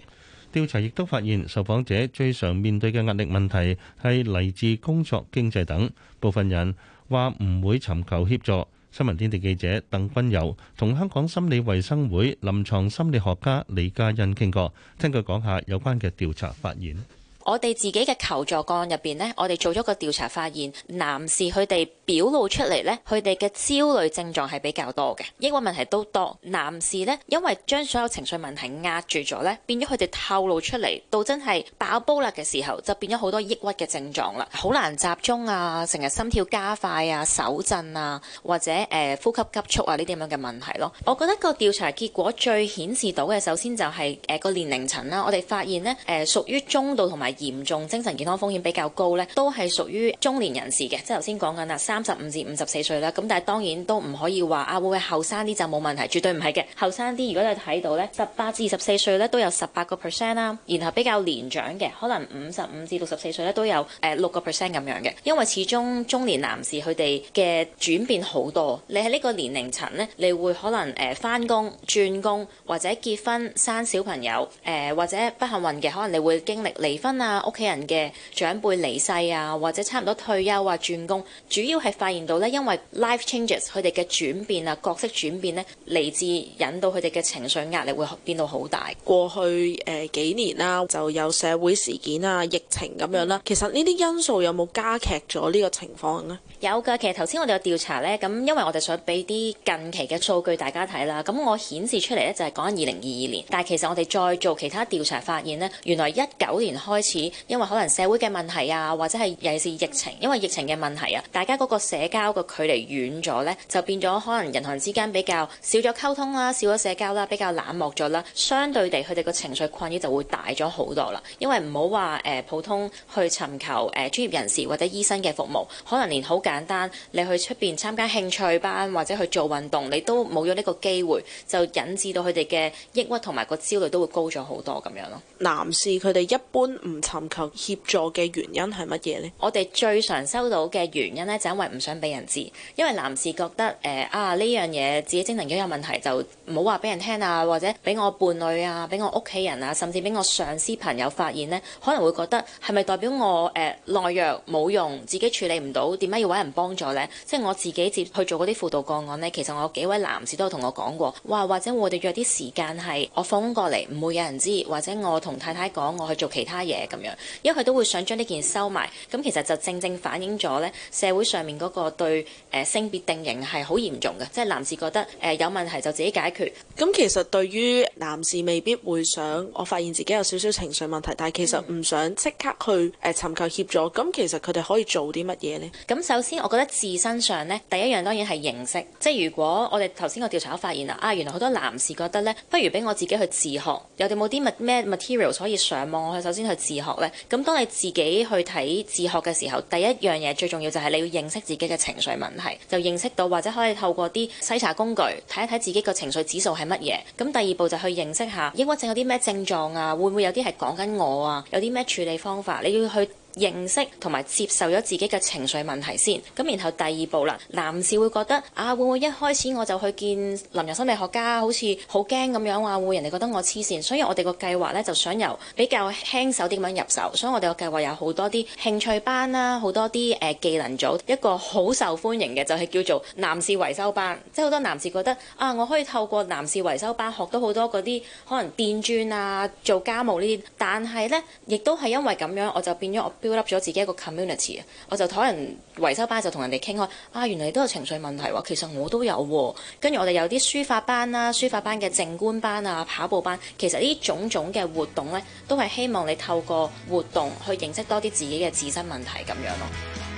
調查亦都發現，受訪者最常面對嘅壓力問題係嚟自工作、經濟等。部分人話唔會尋求協助。新聞天地記者鄧君友同香港心理衛生會臨床心理學家李家印傾過，聽佢講下有關嘅調查發現。我哋自己嘅求助個案入邊呢，我哋做咗個調查，發現男士佢哋表露出嚟呢，佢哋嘅焦慮症狀係比較多嘅，抑鬱問題都多。男士呢，因為將所有情緒問題壓住咗呢，變咗佢哋透露出嚟，到真係爆煲啦嘅時候，就變咗好多抑鬱嘅症狀啦，好難集中啊，成日心跳加快啊，手震啊，或者誒、呃、呼吸急促啊呢啲咁樣嘅問題咯。我覺得個調查結果最顯示到嘅，首先就係誒個年齡層啦，我哋發現呢，誒、呃、屬於中度同埋嚴重精神健康風險比較高咧，都係屬於中年人士嘅，即係頭先講緊啦，三十五至五十四歲啦。咁但係當然都唔可以話啊，會唔會後生啲就冇問題，絕對唔係嘅。後生啲如果你睇到咧，十八至二十四歲咧都有十八個 percent 啦，然後比較年長嘅，可能五十五至六十四歲咧都有誒六個 percent 咁樣嘅。因為始終中年男士佢哋嘅轉變好多，你喺呢個年齡層咧，你會可能誒翻工、轉工或者結婚生小朋友，誒或者不幸運嘅，可能你會經歷離婚。啊，屋企人嘅長輩離世啊，或者差唔多退休啊、轉工，主要係發現到咧，因為 life changes 佢哋嘅轉變啊、角色轉變咧，嚟自引導佢哋嘅情緒壓力會變到好大。過去誒、呃、幾年啦，就有社會事件啊、疫情咁樣啦。其實呢啲因素有冇加劇咗呢個情況咧？有噶，其實頭先我哋有調查咧，咁因為我哋想俾啲近期嘅數據大家睇啦。咁我顯示出嚟咧就係講緊二零二二年，但係其實我哋再做其他調查發現咧，原來一九年開始。因為可能社會嘅問題啊，或者係尤其是疫情，因為疫情嘅問題啊，大家嗰個社交嘅距離遠咗呢，就變咗可能人同人之間比較少咗溝通啦，少咗社交啦，比較冷漠咗啦，相對地佢哋個情緒困擾就會大咗好多啦。因為唔好話誒普通去尋求誒專業人士或者醫生嘅服務，可能連好簡單你去出邊參加興趣班或者去做運動，你都冇咗呢個機會，就引致到佢哋嘅抑鬱同埋個焦慮都會高咗好多咁樣咯。男士佢哋一般唔尋求協助嘅原因係乜嘢咧？我哋最常收到嘅原因呢，就係、因為唔想俾人知，因為男士覺得誒、呃、啊呢樣嘢自己精神上有問題，就唔好話俾人聽啊，或者俾我伴侶啊、俾我屋企人啊，甚至俾我上司朋友發現呢，可能會覺得係咪代表我誒懦弱冇用，自己處理唔到，點解要揾人幫助呢？即係我自己接去做嗰啲輔導個案呢，其實我幾位男士都有同我講過，哇，或者我哋約啲時間係我放工過嚟，唔會有人知，或者我同太太講我去做其他嘢。咁樣，因為佢都會想將呢件收埋，咁其實就正正反映咗呢社會上面嗰個對性別定型係好嚴重嘅，即係男士覺得誒有問題就自己解決。咁其實對於男士未必會想，我發現自己有少少情緒問題，但係其實唔想即刻去誒尋求協助。咁、嗯、其實佢哋可以做啲乜嘢呢？咁首先我覺得自身上呢，第一樣當然係認識，即係如果我哋頭先個調查都發現啦，啊原來好多男士覺得呢，不如俾我自己去自學，有冇啲乜咩 materials 可以上網我去首先去自學咧，咁當你自己去睇自學嘅時候，第一樣嘢，最重要就係你要認識自己嘅情緒問題，就認識到或者可以透過啲篩查工具睇一睇自己個情緒指數係乜嘢。咁第二步就去認識下抑鬱症有啲咩症狀啊，會唔會有啲係講緊我啊？有啲咩處理方法？你要去。認識同埋接受咗自己嘅情緒問題先，咁然後第二步啦，男士會覺得啊，會唔會一開始我就去見臨牀心理學家，好似好驚咁樣啊？會人哋覺得我黐線，所以我哋個計劃呢，就想由比較輕手啲咁樣入手，所以我哋個計劃有好多啲興趣班啦、啊，好多啲誒技能組，一個好受歡迎嘅就係、是、叫做男士維修班，即係好多男士覺得啊，我可以透過男士維修班學到好多嗰啲可能電鑽啊、做家務呢啲，但係呢，亦都係因為咁樣，我就變咗我。build up 咗自己一個 community 啊！我就可能維修班就同人哋傾開啊，原來你都有情緒問題喎，其實我都有喎、啊。跟住我哋有啲書法班啦、書法班嘅靜觀班啊、跑步班，其實呢種種嘅活動呢，都係希望你透過活動去認識多啲自己嘅自身問題咁樣咯。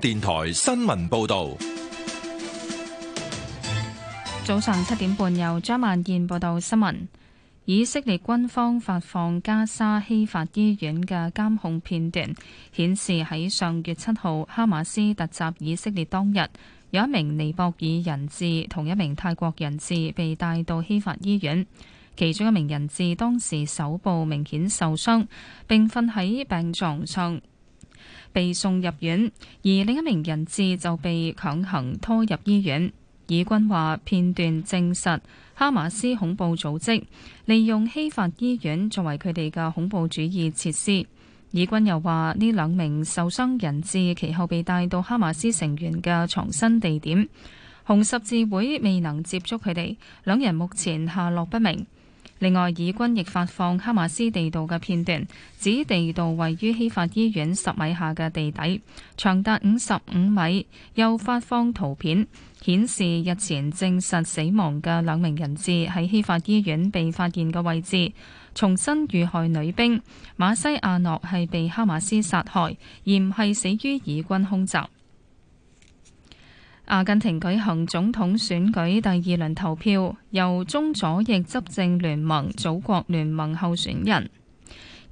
電台新聞報道：早上七點半，由張曼燕報道新聞。以色列軍方發放加沙希法醫院嘅監控片段，顯示喺上月七號，哈馬斯突襲以色列當日，有一名尼泊爾人質同一名泰國人質被帶到希法醫院，其中一名人質當時手部明顯受傷，並瞓喺病床上。被送入院，而另一名人質就被強行拖入醫院。以軍話片段證實哈馬斯恐怖組織利用希法醫院作為佢哋嘅恐怖主義設施。以軍又話呢兩名受傷人質其後被帶到哈馬斯成員嘅藏身地點，紅十字會未能接觸佢哋，兩人目前下落不明。另外，以軍亦發放哈馬斯地道嘅片段，指地道位於希法醫院十米下嘅地底，長達五十五米。又發放圖片，顯示日前證實死亡嘅兩名人質喺希法醫院被發現嘅位置。重新遇害女兵馬西亞諾係被哈馬斯殺害，而唔係死於以軍空襲。阿根廷舉行總統選舉第二輪投票，由中左翼執政聯盟「祖國聯盟」候選人、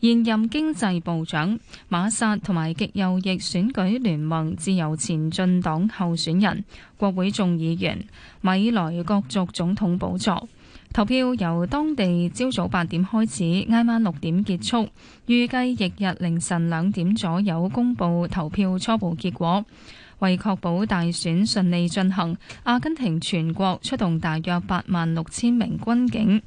現任經濟部長馬薩同埋極右翼選舉聯盟「自由前進黨」候選人國會眾議員米萊角逐總統寶座。投票由當地朝早八點開始，挨晚六點結束，預計翌日凌晨兩點左右公佈投票初步結果。為確保大選順利進行，阿根廷全國出動大約八萬六千名軍警，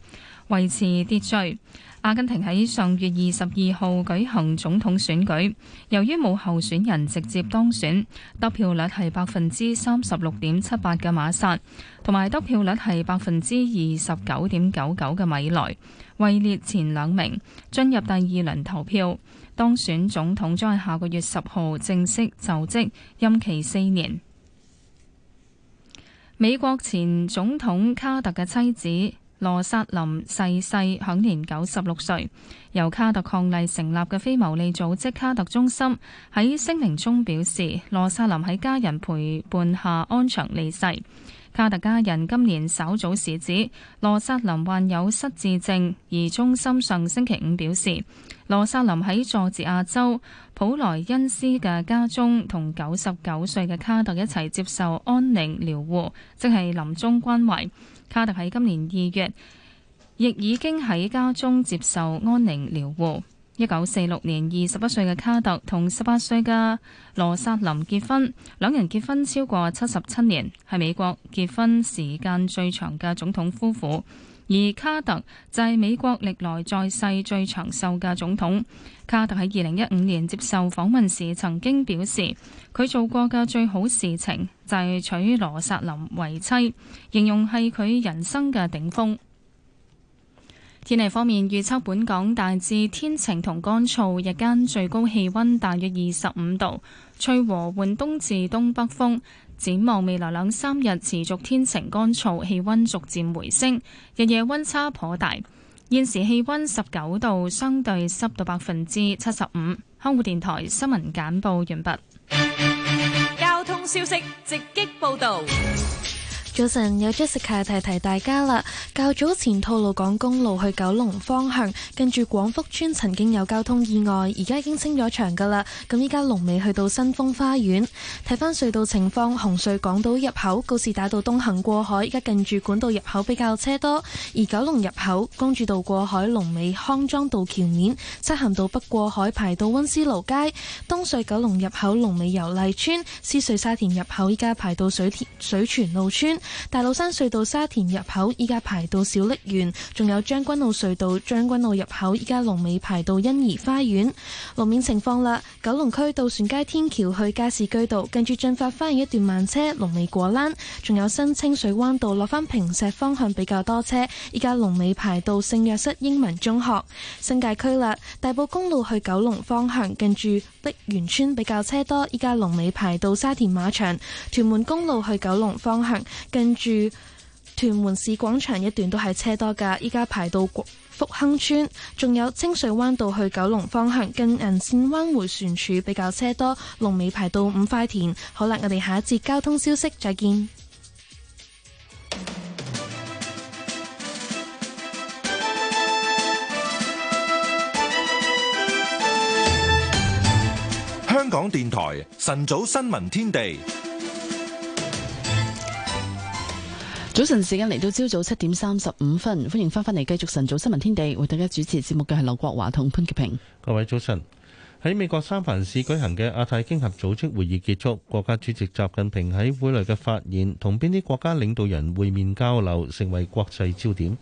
維持秩序。阿根廷喺上月二十二號舉行總統選舉，由於冇候選人直接當選，得票率係百分之三十六點七八嘅馬薩，同埋得票率係百分之二十九點九九嘅米萊，位列前兩名，進入第二輪投票。當選總統將喺下個月十號正式就職，任期四年。美國前總統卡特嘅妻子羅莎林逝世，享年九十六歲。由卡特伉儷成立嘅非牟利組織卡特中心喺聲明中表示，羅莎林喺家人陪伴下安詳離世。卡特家人今年稍早時指羅莎林患有失智症，而中心上星期五表示，羅薩林喺佐治亞州普萊恩斯嘅家中，同九十九歲嘅卡特一齊接受安寧療護，即係臨終關懷。卡特喺今年二月亦已經喺家中接受安寧療護。一九四六年，二十一歲嘅卡特同十八歲嘅羅薩林結婚，兩人結婚超過七十七年，係美國結婚時間最長嘅總統夫婦。而卡特就係美國歷來在世最長壽嘅總統。卡特喺二零一五年接受訪問時曾經表示，佢做過嘅最好事情就係娶羅薩林為妻，形容係佢人生嘅頂峰。天氣方面預測，本港大致天晴同乾燥，日間最高氣溫大約二十五度，吹和緩東至東北風。展望未來兩三日持續天晴乾燥，氣溫逐漸回升，日夜溫差頗大。現時氣溫十九度，相對濕度百分之七十五。香港電台新聞簡報完畢。交通消息直擊報道。早晨，有 Jessica 提提大家啦。較早前吐露港公路去九龍方向，近住廣福村曾經有交通意外，而家已經清咗場噶啦。咁依家龍尾去到新豐花園。睇翻隧道情況，紅隧港島入口告士打道東行過海，依家近住管道入口比較車多。而九龍入口公主道過海，龍尾康莊道橋面，漆咸道北過海排到溫思勞街。東隧九龍入口龍尾油麗村，獅隧沙田入口依家排到水田水泉路村。大老山隧道沙田入口依家排到小瀝源，仲有將軍澳隧道將軍澳入口依家龍尾排到欣怡花園。路面情況啦，九龍區渡船街天橋去加士居道近住駿發花園一段慢車龍尾果欄，仲有新清水灣道落翻坪石方向比較多車，依家龍尾排到聖若瑟英文中學。新界區啦，大埔公路去九龍方向近住碧源村比較車多，依家龍尾排到沙田馬場。屯門公路去九龍方向跟住屯門市廣場一段都係車多噶依家排到福亨村，仲有清水灣道去九龍方向，近銀線灣回旋處比較車多，龍尾排到五塊田。好啦，我哋下一節交通消息再見。香港電台晨早新聞天地。早晨時間嚟到，朝早七點三十五分，歡迎翻返嚟繼續晨早新聞天地，為大家主持節目嘅係劉國華同潘潔平。各位早晨！喺美國三藩市舉行嘅亞太經合組織會議結束，國家主席習近平喺會內嘅發言同邊啲國家領導人會面交流，成為國際焦點。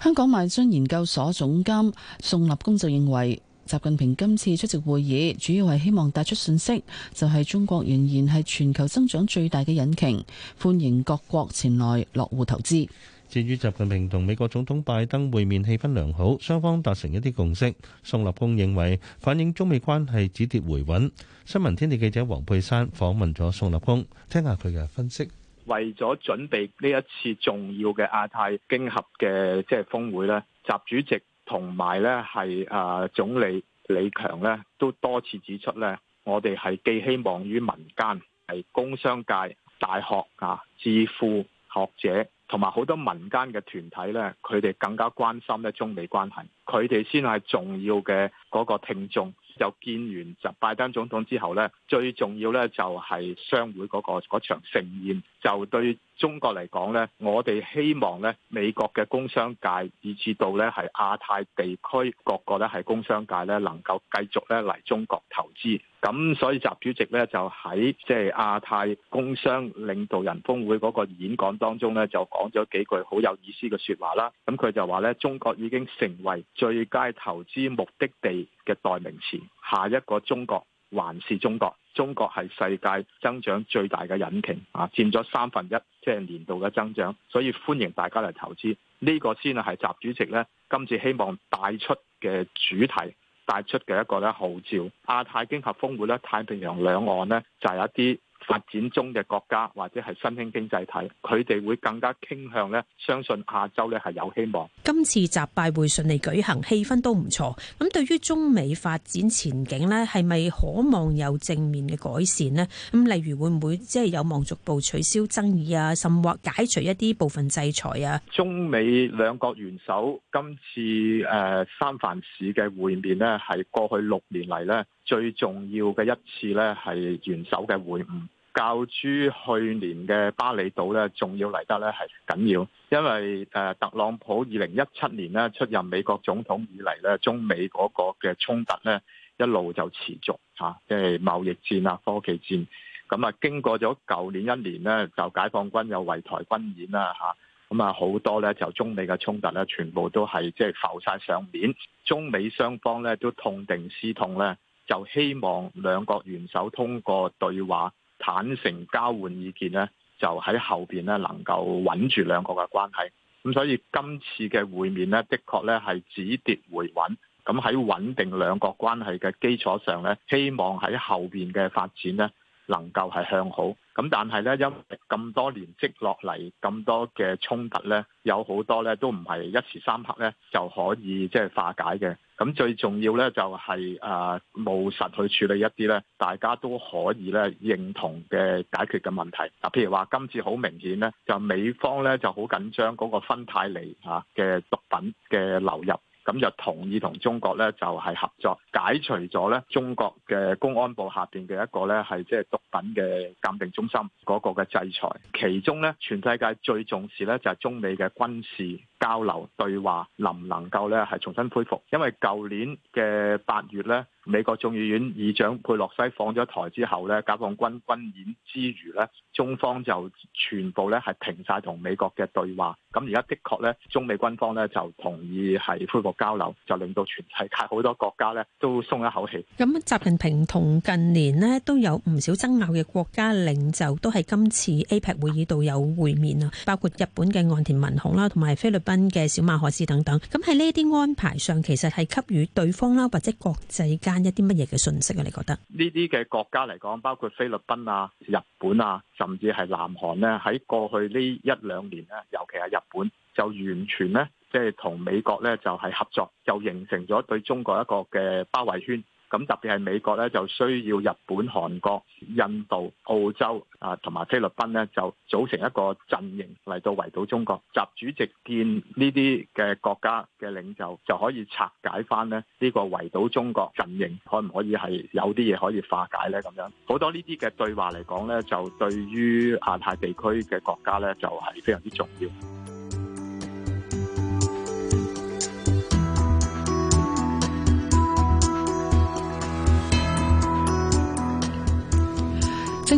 香港邁進研究所總監宋立功就認為。習近平今次出席會議，主要係希望帶出信息，就係中國仍然係全球增長最大嘅引擎，歡迎各國前來落戶投資。至於習近平同美國總統拜登會面氣氛良好，雙方達成一啲共識。宋立功認為反映中美關係止跌回穩。新聞天地記者黃佩珊訪問咗宋立功，聽下佢嘅分析。為咗準備呢一次重要嘅亞太經合嘅即係峰會咧，習主席。同埋咧，係誒總理李強咧，都多次指出咧，我哋係寄希望於民間、係工商界、大學啊、智庫學者，同埋好多民間嘅團體咧，佢哋更加關心咧中美關係，佢哋先係重要嘅嗰個聽眾。又見完就拜登總統之後咧，最重要咧就係商會嗰、嗰個嗰場盛宴，就對。中國嚟講呢，我哋希望呢美國嘅工商界，以至到呢係亞太地區各個咧係工商界呢能夠繼續咧嚟中國投資。咁所以習主席呢就喺即係亞太工商領導人峰會嗰個演講當中呢，就講咗幾句好有意思嘅説話啦。咁佢就話呢，中國已經成為最佳投資目的地嘅代名詞，下一個中國還是中國，中國係世界增長最大嘅引擎啊，佔咗三分一，即係年度嘅增長，所以歡迎大家嚟投資，呢、這個先係習主席呢今次希望帶出嘅主題，帶出嘅一個咧號召亞太經合峰會咧，太平洋兩岸呢，就係、是、一啲發展中嘅國家或者係新興經濟體，佢哋會更加傾向咧，相信亞洲咧係有希望。今次集拜會順利舉行，氣氛都唔錯，咁對於中美發展前景咧，係咪可望有正面嘅改善咧？咁例如會唔會即係有望逐步取消爭議啊，甚或解除一啲部分制裁啊？中美兩國元首今次誒、呃、三藩市嘅會面咧，係過去六年嚟咧。最重要嘅一次咧，係元首嘅會晤，較諸去年嘅巴厘島咧，仲要嚟得咧係緊要，因為誒、呃、特朗普二零一七年呢出任美國總統以嚟咧，中美嗰個嘅衝突咧一路就持續嚇、啊，即係貿易戰啊、科技戰，咁啊經過咗舊年一年呢，就解放軍有圍台軍演啦嚇，咁啊好、啊、多咧就中美嘅衝突咧，全部都係即係浮晒上面，中美雙方咧都痛定思痛咧。就希望兩國元首通過對話、坦誠交換意見咧，就喺後邊咧能夠穩住兩國嘅關係。咁所以今次嘅會面咧，的確咧係止跌回穩。咁喺穩定兩國關係嘅基礎上咧，希望喺後邊嘅發展咧能夠係向好。咁但係咧，因咁多年積落嚟咁多嘅衝突咧，有好多咧都唔係一時三刻咧就可以即係化解嘅。咁最重要咧就係、是、誒、啊、務實去處理一啲咧，大家都可以咧認同嘅解決嘅問題。嗱、啊，譬如話今次好明顯咧，就美方咧就好緊張嗰個芬太尼啊嘅毒品嘅流入，咁就同意同中國咧就係、是、合作，解除咗咧中國嘅公安部下邊嘅一個咧係即係毒品嘅鑑定中心嗰個嘅制裁。其中咧全世界最重視咧就係、是、中美嘅軍事。交流對話能唔能夠咧係重新恢復，因為舊年嘅八月咧，美國眾議院議長佩洛西放咗台之後咧，解放軍軍演之餘咧，中方就全部咧係停晒同美國嘅對話，咁而家的確咧，中美軍方咧就同意係恢復交流，就令到全世界好多國家咧都鬆一口氣，咁習近平同近年咧都有唔少爭拗嘅國家領袖，都係今次 APEC 會議度有會面啊，包括日本嘅岸田文雄啦，同埋菲律賓。嘅小馬可斯等等，咁喺呢啲安排上，其實係給予對方啦，或者國際間一啲乜嘢嘅信息啊？你覺得呢啲嘅國家嚟講，包括菲律賓啊、日本啊，甚至係南韓咧，喺過去呢一兩年咧，尤其係日本就完全咧，即係同美國咧就係、是、合作，就形成咗對中國一個嘅包圍圈。咁特別係美國咧，就需要日本、韓國、印度、澳洲啊，同埋菲律賓咧，就組成一個陣營嚟到圍堵中國。習主席見呢啲嘅國家嘅領袖，就可以拆解翻咧呢個圍堵中國陣營，可唔可以係有啲嘢可以化解咧？咁樣好多呢啲嘅對話嚟講咧，就對於亞太地區嘅國家咧，就係非常之重要。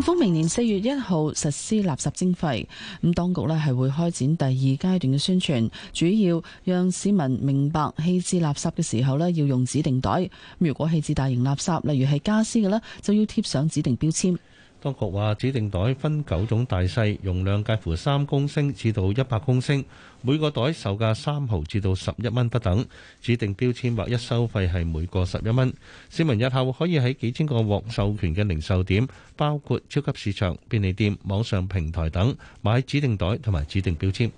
乎明年四月一號實施垃圾徵費，咁當局呢係會開展第二階段嘅宣傳，主要讓市民明白棄置垃圾嘅時候呢，要用指定袋，如果棄置大型垃圾，例如係家私嘅呢，就要貼上指定標籤。當局話指定袋分九種大細，容量介乎三公升至到一百公升，每個袋售價三毫至到十一蚊不等。指定標籤劃一收費係每個十一蚊。市民日後可以喺幾千個獲授權嘅零售點，包括超級市場、便利店、網上平台等，買指定袋同埋指定標籤。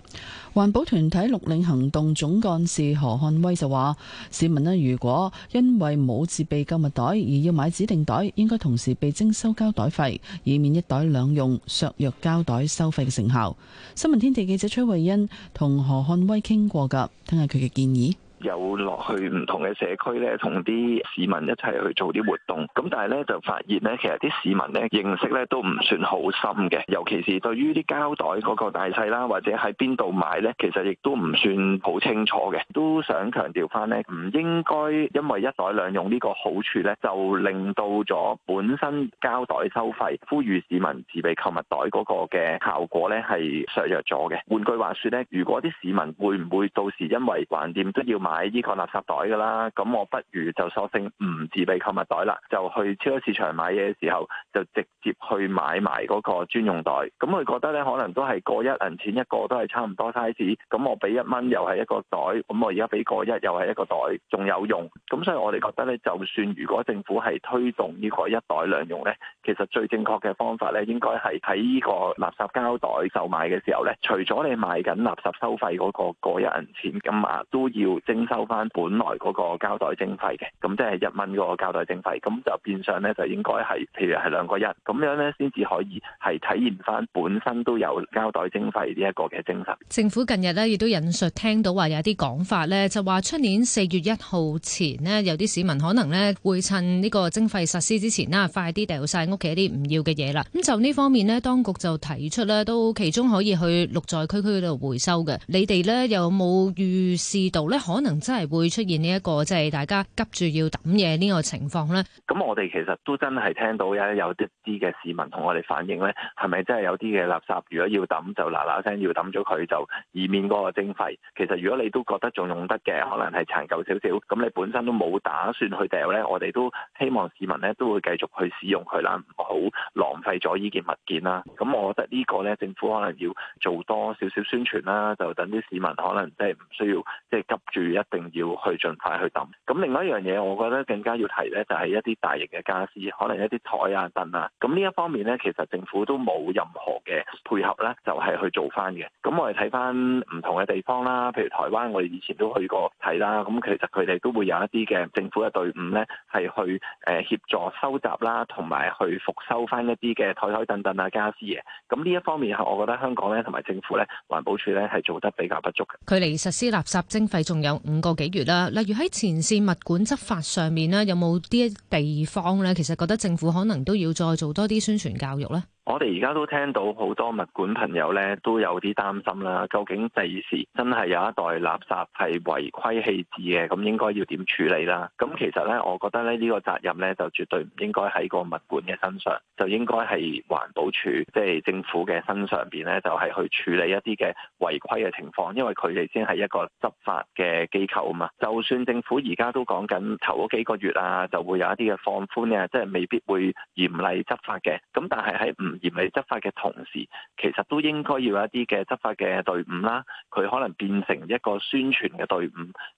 環保團體綠領行動總幹事何漢威就話，市民呢如果因為冇自備購物袋而要買指定袋，應該同時被徵收膠袋費。以免一袋兩用削弱膠袋收費嘅成效。新聞天地記者崔慧欣同何漢威傾過噶，聽下佢嘅建議。有落去唔同嘅社區咧，同啲市民一齊去做啲活動，咁但係咧，就發現咧，其實啲市民咧認識咧都唔算好深嘅，尤其是對於啲膠袋嗰個大細啦，或者喺邊度買咧，其實亦都唔算好清楚嘅。都想強調翻咧，唔應該因為一袋兩用呢個好處咧，就令到咗本身膠袋收費呼籲市民自備購物袋嗰個嘅效果咧，係削弱咗嘅。換句話說咧，如果啲市民會唔會到時因為橫掂都要買。買呢個垃圾袋噶啦，咁我不如就索性唔自備購物袋啦，就去超級市場買嘢嘅時候就直接去買埋嗰個專用袋。咁我覺得咧，可能都係過一銀錢一個都係差唔多 size。咁我俾一蚊又係一個袋，咁我而家俾過一又係一個袋，仲有用。咁所以我哋覺得咧，就算如果政府係推動呢個一袋兩用咧，其實最正確嘅方法咧，應該係喺呢個垃圾膠袋售賣嘅時候咧，除咗你賣緊垃圾收費嗰個過一銀錢咁呀，都要即。徵收翻本來嗰個膠袋徵費嘅，咁即係一蚊嗰個膠袋徵費，咁就變相咧就應該係，譬如係兩個一，咁樣咧先至可以係體現翻本身都有膠袋徵費呢一個嘅精神。政府近日咧亦都引述聽到話有啲講法咧，就話出年四月一號前咧，有啲市民可能咧會趁呢個徵費實施之前啦，快啲掉晒屋企啲唔要嘅嘢啦。咁就呢方面咧，當局就提出咧，都其中可以去綠在區區度回收嘅。你哋咧有冇預示到咧？可可能真係會出現呢、這、一個即係、就是、大家急住要抌嘢呢個情況咧。咁我哋其實都真係聽到有有啲啲嘅市民同我哋反映咧，係咪真係有啲嘅垃圾如果要抌就嗱嗱聲要抌咗佢，就以免嗰個徵費。其實如果你都覺得仲用得嘅，可能係殘舊少少，咁你本身都冇打算去掉咧，我哋都希望市民咧都會繼續去使用佢啦，唔好浪費咗呢件物件啦。咁我覺得個呢個咧，政府可能要做多少少宣傳啦，就等啲市民可能即係唔需要即係急住。一定要去盡快去抌。咁另外一樣嘢，我覺得更加要提咧，就係一啲大型嘅傢俬，可能一啲台啊、凳啊，咁呢一方面咧，其實政府都冇任何嘅配合咧，就係去做翻嘅。咁我哋睇翻唔同嘅地方啦，譬如台灣，我哋以前都去過睇啦。咁其實佢哋都會有一啲嘅政府嘅隊伍咧，係去誒協助收集啦，同埋去復收翻一啲嘅台台凳凳啊傢俬嘅。咁呢一方面，我覺得香港咧同埋政府咧，環保署咧係做得比較不足嘅。距離實施垃圾徵費仲有。五個幾月啦，例如喺前線物管執法上面咧，有冇啲地方呢？其實覺得政府可能都要再做多啲宣傳教育咧。我哋而家都聽到好多物管朋友咧都有啲擔心啦。究竟第時真係有一袋垃圾係違規棄置嘅，咁應該要點處理啦？咁其實咧，我覺得咧呢個責任咧就絕對唔應該喺個物管嘅身上，就應該係環保署，即係政府嘅身上邊咧，就係去處理一啲嘅違規嘅情況，因為佢哋先係一個執法嘅機構啊嘛。就算政府而家都講緊頭嗰幾個月啊，就會有一啲嘅放寬啊，即係未必會嚴厲執法嘅。咁但係喺唔嚴厲執法嘅同時，其實都應該要有一啲嘅執法嘅隊伍啦。佢可能變成一個宣傳嘅隊伍，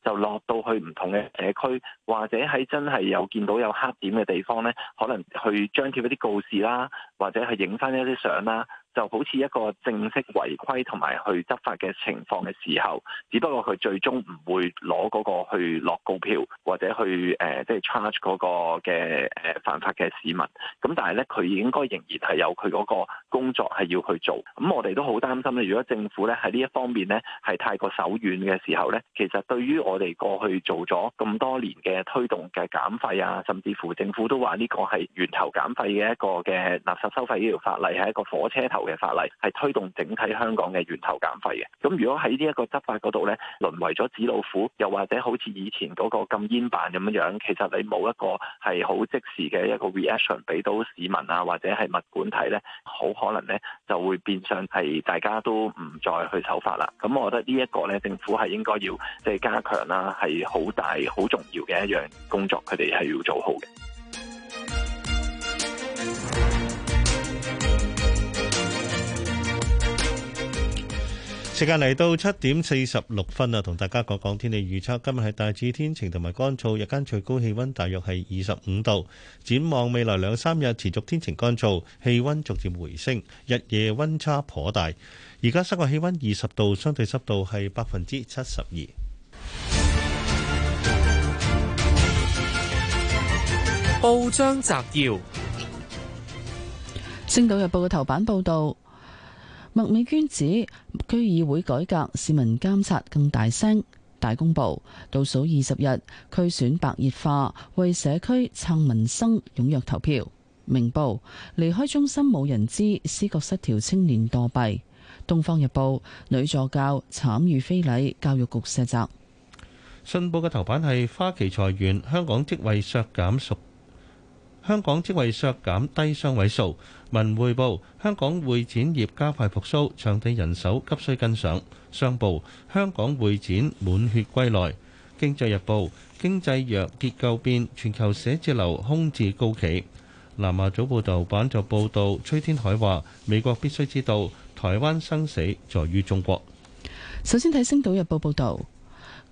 就落到去唔同嘅社區，或者喺真係有見到有黑點嘅地方咧，可能去張貼一啲告示啦，或者去影翻一啲相啦。就好似一個正式違規同埋去執法嘅情況嘅時候，只不過佢最終唔會攞嗰個去落告票或者去誒即係 charge 嗰個嘅誒犯法嘅市民。咁但係咧，佢應該仍然係有佢嗰個工作係要去做。咁我哋都好擔心咧，如果政府咧喺呢一方面咧係太過手軟嘅時候咧，其實對於我哋過去做咗咁多年嘅推動嘅減費啊，甚至乎政府都話呢個係源頭減費嘅一個嘅垃圾收費呢條法例係一個火車頭嘅法例係推動整體香港嘅源頭減廢嘅，咁如果喺呢一個執法嗰度咧，淪為咗紙老虎，又或者好似以前嗰個禁煙辦咁樣樣，其實你冇一個係好即時嘅一個 reaction 俾到市民啊，或者係物管睇咧，好可能咧就會變相係大家都唔再去守法啦。咁我覺得呢一個咧，政府係應該要即係加強啦，係好大好重要嘅一樣工作，佢哋係要做好嘅。時間嚟到七點四十六分啦，同大家講講天氣預測。今日係大致天晴同埋乾燥，日間最高氣温大約係二十五度。展望未來兩三日持續天晴乾燥，氣温逐漸回升，日夜温差頗大。而家室外氣温二十度，相對濕度係百分之七十二。報章摘要：《星島日報》嘅頭版報道。麥美娟指區議會改革，市民監察更大聲。大公報倒數二十日，區選白熱化，為社區撐民生，踊躍投票。明報離開中心冇人知，思覺失調青年躲避。東方日報女助教慘遇非禮，教育局卸責。信報嘅頭版係花旗裁員，香港職位削減屬。香港職位削減低雙位數。文匯報：香港會展業加快復甦，場地人手急需跟上。商報：香港會展滿血歸來。經濟日報：經濟弱結構變，全球寫字樓空置高企。南華早報頭版就報導，崔天凱話：美國必須知道，台灣生死在於中國。首先睇《星島日報》報道報導。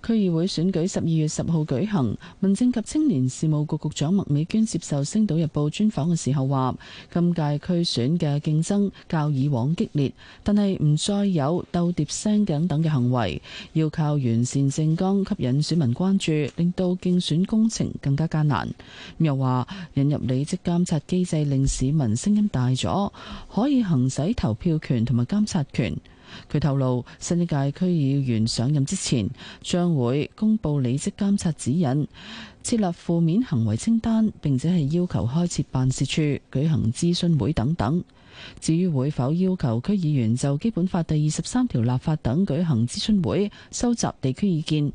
區議會選舉十二月十號舉行，民政及青年事務局局長麥美娟接受《星島日報》專訪嘅時候話，今屆區選嘅競爭較以往激烈，但係唔再有鬥碟聲等等嘅行為，要靠完善政綱吸引選民關注，令到競選工程更加艱難。又話引入履職監察機制，令市民聲音大咗，可以行使投票權同埋監察權。佢透露，新一屆區議員上任之前，將會公佈履職監察指引，設立負面行為清單，並且係要求開設辦事處、舉行諮詢會等等。至於會否要求區議員就《基本法》第二十三條立法等舉行諮詢會收集地區意見，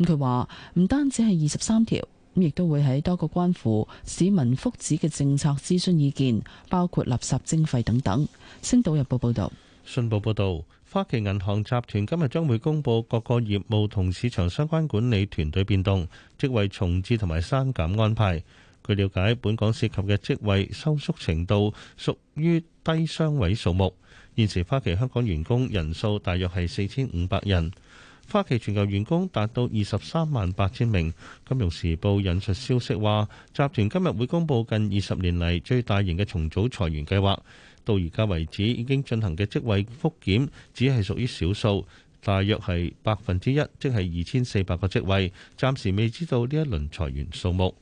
咁佢話唔單止係二十三條，亦都會喺多個關乎市民福祉嘅政策諮詢意見，包括垃圾徵費等等。星島日報報道。信報報導。花旗銀行集團今日將會公佈各個業務同市場相關管理團隊變動，職位重置同埋刪減安排。據了解，本港涉及嘅職位收縮程度屬於低雙位數目。現時花旗香港員工人數大約係四千五百人，花旗全球員工達到二十三萬八千名。金融時報引述消息話，集團今日會公佈近二十年嚟最大型嘅重組裁員計劃。到而家為止，已經進行嘅職位復檢，只係屬於少數，大約係百分之一，即係二千四百個職位。暫時未知道呢一輪裁員數目。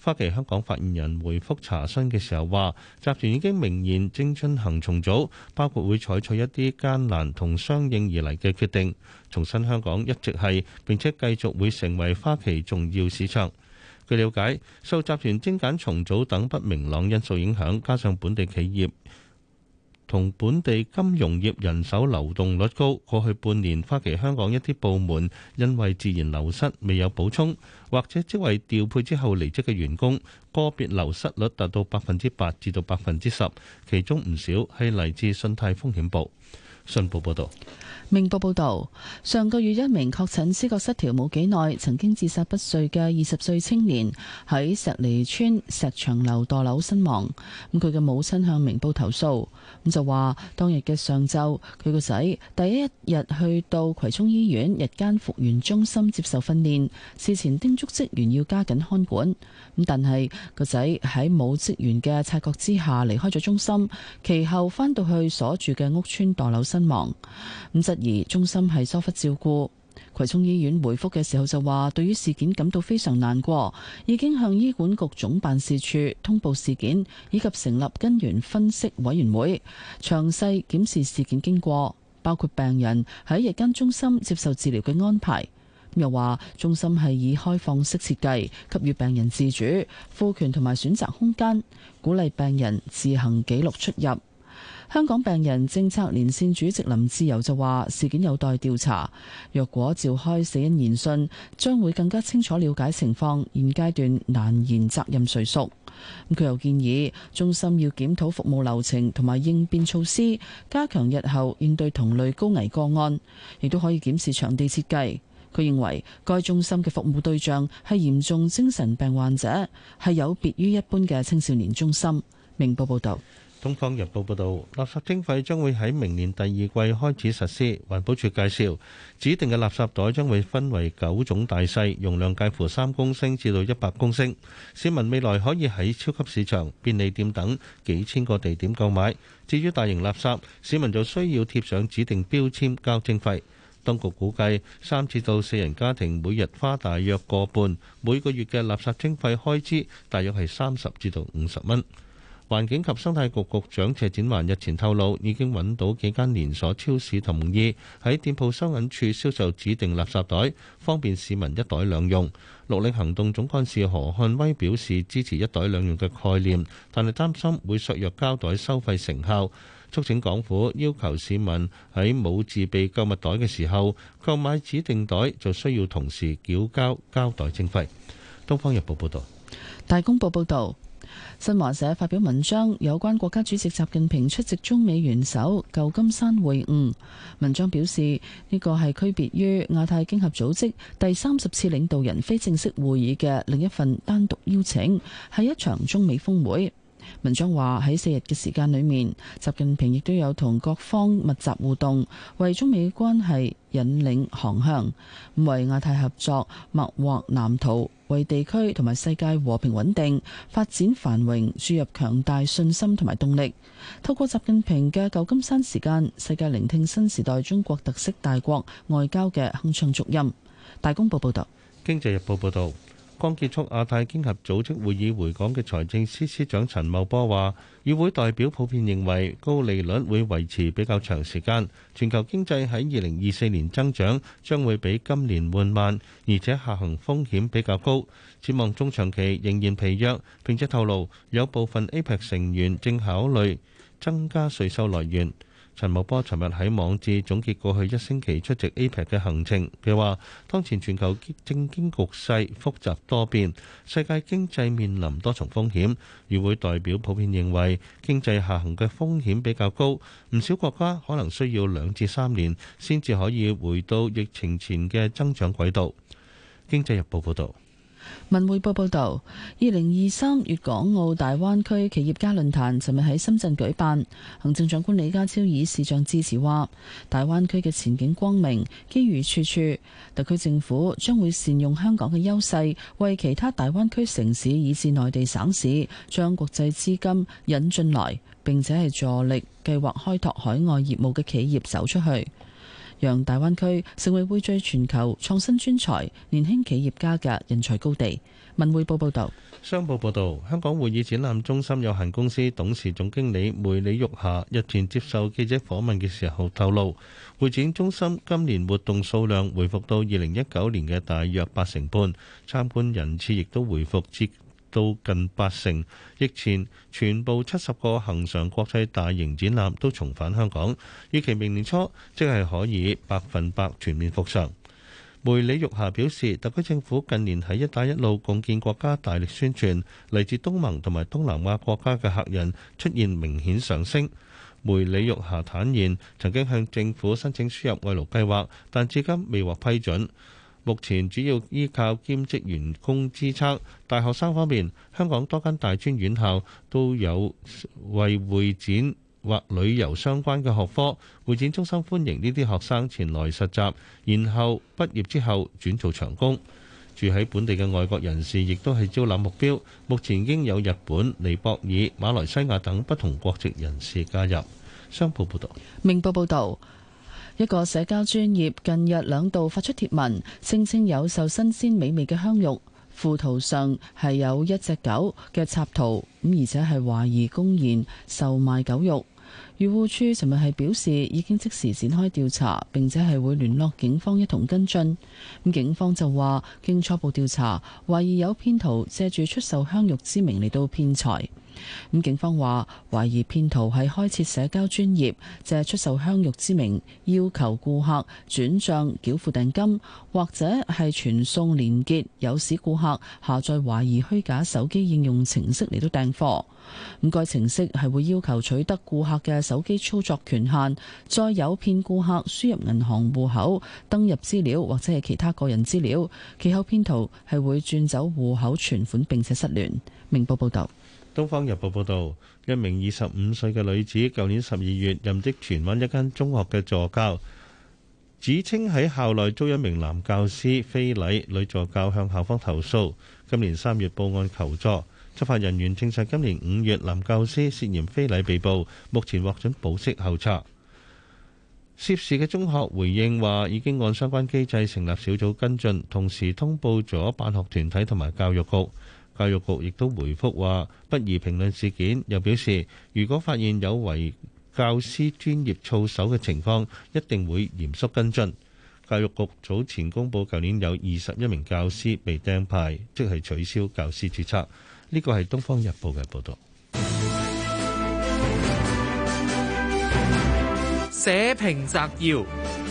花旗香港發言人回覆查詢嘅時候話：集團已經明言正進行重組，包括會採取一啲艱難同相應而嚟嘅決定。重新香港一直係並且繼續會成為花旗重要市場。據瞭解，受集團精簡重組等不明朗因素影響，加上本地企業。同本地金融業人手流動率高，過去半年花旗香港一啲部門因為自然流失未有補充，或者職位調配之後離職嘅員工，個別流失率達到百分之八至到百分之十，其中唔少係嚟自信貸風險部。信報報道。明報報道，上個月一名確診思覺失調冇幾耐，曾經自殺不遂嘅二十歲青年喺石梨村石長樓墮樓身亡。咁佢嘅母親向明報投訴，咁就話當日嘅上晝，佢個仔第一日去到葵涌醫院日間復原中心接受訓練，事前叮囑職員要加緊看管。咁但係個仔喺冇職員嘅察覺之下離開咗中心，其後翻到去所住嘅屋村墮樓身亡。咁實。而中心係疏忽照顧。葵涌醫院回覆嘅時候就話，對於事件感到非常難過，已經向醫管局總辦事處通報事件，以及成立根源分析委員會，詳細檢視事件經過，包括病人喺日間中心接受治療嘅安排。又話中心係以開放式設計，給予病人自主、賦權同埋選擇空間，鼓勵病人自行記錄出入。香港病人政策連線主席林志友就話：事件有待調查，若果召開死因研訊，將會更加清楚了解情況。現階段難言責任誰屬。佢又建議中心要檢討服務流程同埋應變措施，加強日後應對同類高危個案，亦都可以檢視場地設計。佢認為該中心嘅服務對象係嚴重精神病患者，係有別於一般嘅青少年中心。明報報道。《東方日報》報導，垃圾徵費將會喺明年第二季開始實施。環保署介紹，指定嘅垃圾袋將會分為九種大細，容量介乎三公升至到一百公升。市民未來可以喺超級市場、便利店等幾千個地點購買。至於大型垃圾，市民就需要貼上指定標籤交徵費。當局估計，三至到四人家庭每日花大約個半，每個月嘅垃圾徵費開支大約係三十至到五十蚊。環境及生態局局長謝展寰日前透露，已經揾到幾間連鎖超市同意喺店鋪收銀處銷售指定垃圾袋，方便市民一袋兩用。綠領行動總幹事何漢威表示支持一袋兩用嘅概念，但係擔心會削弱膠袋收費成效，促請港府要求市民喺冇自備購物袋嘅時候，購買指定袋就需要同時繳交膠袋徵費。《東方日報》報導，《大公報》報導。新華社發表文章，有關國家主席習近平出席中美元首舊金山會晤。文章表示，呢個係區別於亞太經合組織第三十次領導人非正式會議嘅另一份單獨邀請，係一場中美峰會。文章話喺四日嘅時間裏面，習近平亦都有同各方密集互動，為中美關係引領航向，為亞太合作擘劃藍圖，為地區同埋世界和平穩定發展繁榮注入強大信心同埋動力。透過習近平嘅舊金山時間，世界聆聽新時代中國特色大國外交嘅鏗鏘足音。大公報報道。《經濟日報》報道。剛結束亞太經合組織會議回港嘅財政司司長陳茂波話，與會代表普遍認為高利率會維持比較長時間，全球經濟喺二零二四年增長將會比今年緩慢，而且下行風險比較高，展望中長期仍然疲弱。並且透露有部分 APEC 成員正考慮增加稅收來源。陳茂波尋日喺網誌總結過去一星期出席 APEC 嘅行程。佢話：當前全球政經局勢複雜多變，世界經濟面臨多重風險。與會代表普遍認為，經濟下行嘅風險比較高，唔少國家可能需要兩至三年先至可以回到疫情前嘅增長軌道。經濟日報報道。文匯報報道，二零二三粵港澳大灣區企業家論壇尋日喺深圳舉辦。行政長官李家超以視像致辭，話大灣區嘅前景光明，機遇處處。特區政府將會善用香港嘅優勢，為其他大灣區城市以至內地省市，將國際資金引進來，並且係助力計劃開拓海外業務嘅企業走出去。讓大灣區成為匯聚全球創新專才、年輕企業家嘅人才高地。文匯報報道，商報報道，香港會議展覽中心有限公司董事總經理梅李玉霞日前接受記者訪問嘅時候透露，會展中心今年活動數量恢復到二零一九年嘅大約八成半，參觀人次亦都恢復至到近八成，疫前全部七十個恒常國際大型展覽都重返香港，預期明年初即係可以百分百全面復常。梅李玉霞表示，特區政府近年喺一帶一路共建國家大力宣傳，嚟自東盟同埋東南亞國家嘅客人出現明顯上升。梅李玉霞坦言，曾經向政府申請輸入外勞計劃，但至今未獲批准。目前主要依靠兼職員工支撐。大學生方面，香港多間大專院校都有為會展或旅遊相關嘅學科，會展中心歡迎呢啲學生前來實習，然後畢業之後轉做長工。住喺本地嘅外國人士亦都係招攬目標，目前已經有日本、尼泊爾、馬來西亞等不同國籍人士加入。商報報道，明報報道。一個社交專業近日兩度發出貼文，聲稱有售新鮮美味嘅香肉，附圖上係有一隻狗嘅插圖，咁而且係懷疑公然售賣狗肉。漁護處尋日係表示，已經即時展開調查，並且係會聯絡警方一同跟進。咁警方就話，經初步調查，懷疑有騙徒借住出售香肉之名嚟到騙財。咁警方話，懷疑騙徒係開設社交專業，借出售香肉之名，要求顧客轉帳繳付訂金，或者係傳送連結，誘使顧客下載懷疑虛假手機應用程式嚟到訂貨。咁該程式係會要求取得顧客嘅手機操作權限，再誘騙顧客輸入銀行戶口登入資料或者係其他個人資料，其後騙徒係會轉走戶口存款並且失聯。明報報道。《東方日報》報導，一名二十五歲嘅女子，舊年十二月任職荃灣一間中學嘅助教，指稱喺校內遭一名男教師非禮，女助教向校方投訴。今年三月報案求助，執法人員證實今年五月男教師涉嫌非禮被捕，目前獲准保釋候查。涉事嘅中學回應話，已經按相關機制成立小組跟進，同時通報咗辦學團體同埋教育局。教育局亦都回覆話，不宜評論事件，又表示如果發現有違教師專業操守嘅情況，一定會嚴肅跟進。教育局早前公布，舊年有二十一名教師被釘牌，即係取消教師註冊。呢個係《東方日報》嘅報導。社評摘要。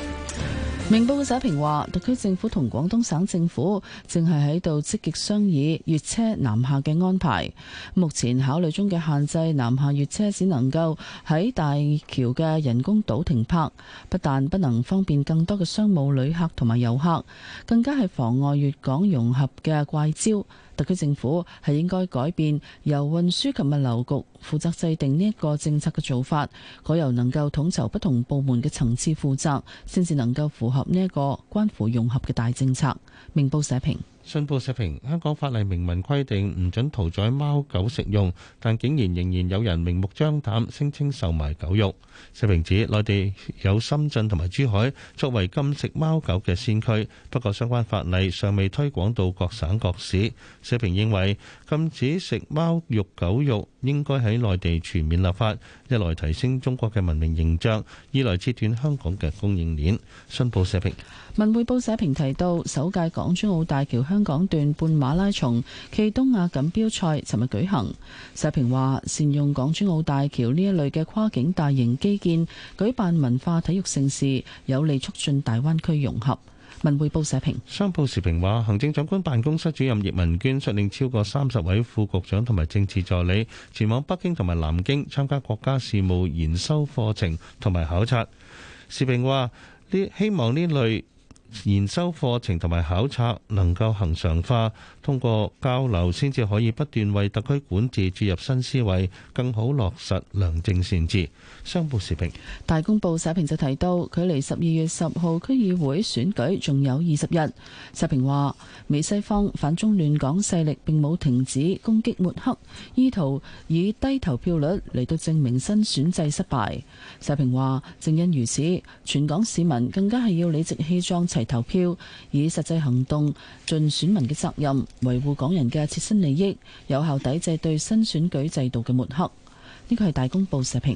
明報嘅社評話，特區政府同廣東省政府正係喺度積極商議粵車南下嘅安排。目前考慮中嘅限制，南下粵車只能夠喺大橋嘅人工島停泊，不但不能方便更多嘅商務旅客同埋遊客，更加係妨礙粵港融合嘅怪招。特區政府係應該改變由運輸及物流局負責制定呢一個政策嘅做法，改由能夠統籌不同部門嘅層次負責，先至能夠符合呢一個關乎融合嘅大政策。明報社評。信報社評：香港法例明文規定唔准屠宰貓狗食用，但竟然仍然有人明目張膽聲稱售賣狗肉。社評指，內地有深圳同埋珠海作為禁食貓狗嘅先驅，不過相關法例尚未推廣到各省各市。社評認為，禁止食貓肉狗肉，應該喺內地全面立法，一來提升中國嘅文明形象，二來切斷香港嘅供應鏈。新報社評，文匯報社評提到，首屆港珠澳大橋香港段半馬拉松暨東亞錦標賽尋日舉行。社評話，善用港珠澳大橋呢一類嘅跨境大型基建，舉辦文化體育盛事，有利促進大灣區融合。文匯報社評，商報時評話，行政長官辦公室主任葉文娟率領超過三十位副局長同埋政治助理前往北京同埋南京參加國家事務研修課程同埋考察。時評話，呢希望呢類研修課程同埋考察能夠恆常化，通過交流，先至可以不斷為特區管治注入新思維，更好落實良政善治。商大公報社評就提到，距離十二月十號區議會選舉仲有二十日。社評話：美西方反中亂港勢力並冇停止攻擊抹黑，意圖以低投票率嚟到證明新選制失敗。社評話：正因如此，全港市民更加係要理直氣壯齊投票，以實際行動盡選民嘅責任，維護港人嘅切身利益，有效抵制對新選舉制度嘅抹黑。呢個係大公報社評。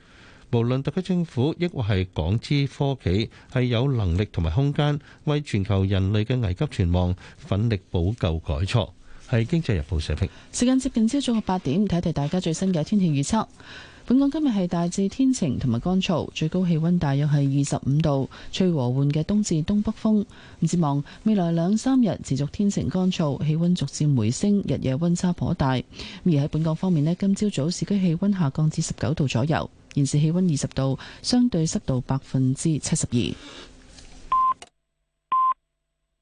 無論特區政府，抑或係港資科技，係有能力同埋空間為全球人類嘅危急存亡奮力補救改錯，係《經濟日報》社評。時間接近朝早嘅八點，睇睇大家最新嘅天氣預測。本港今日係大致天晴同埋乾燥，最高氣温大約係二十五度，吹和緩嘅東至東北風。展望未來兩三日持續天晴乾燥，氣温逐漸回升，日夜温差頗大。而喺本港方面咧，今朝早市區氣温下降至十九度左右。現時氣溫二十度，相對濕度百分之七十二。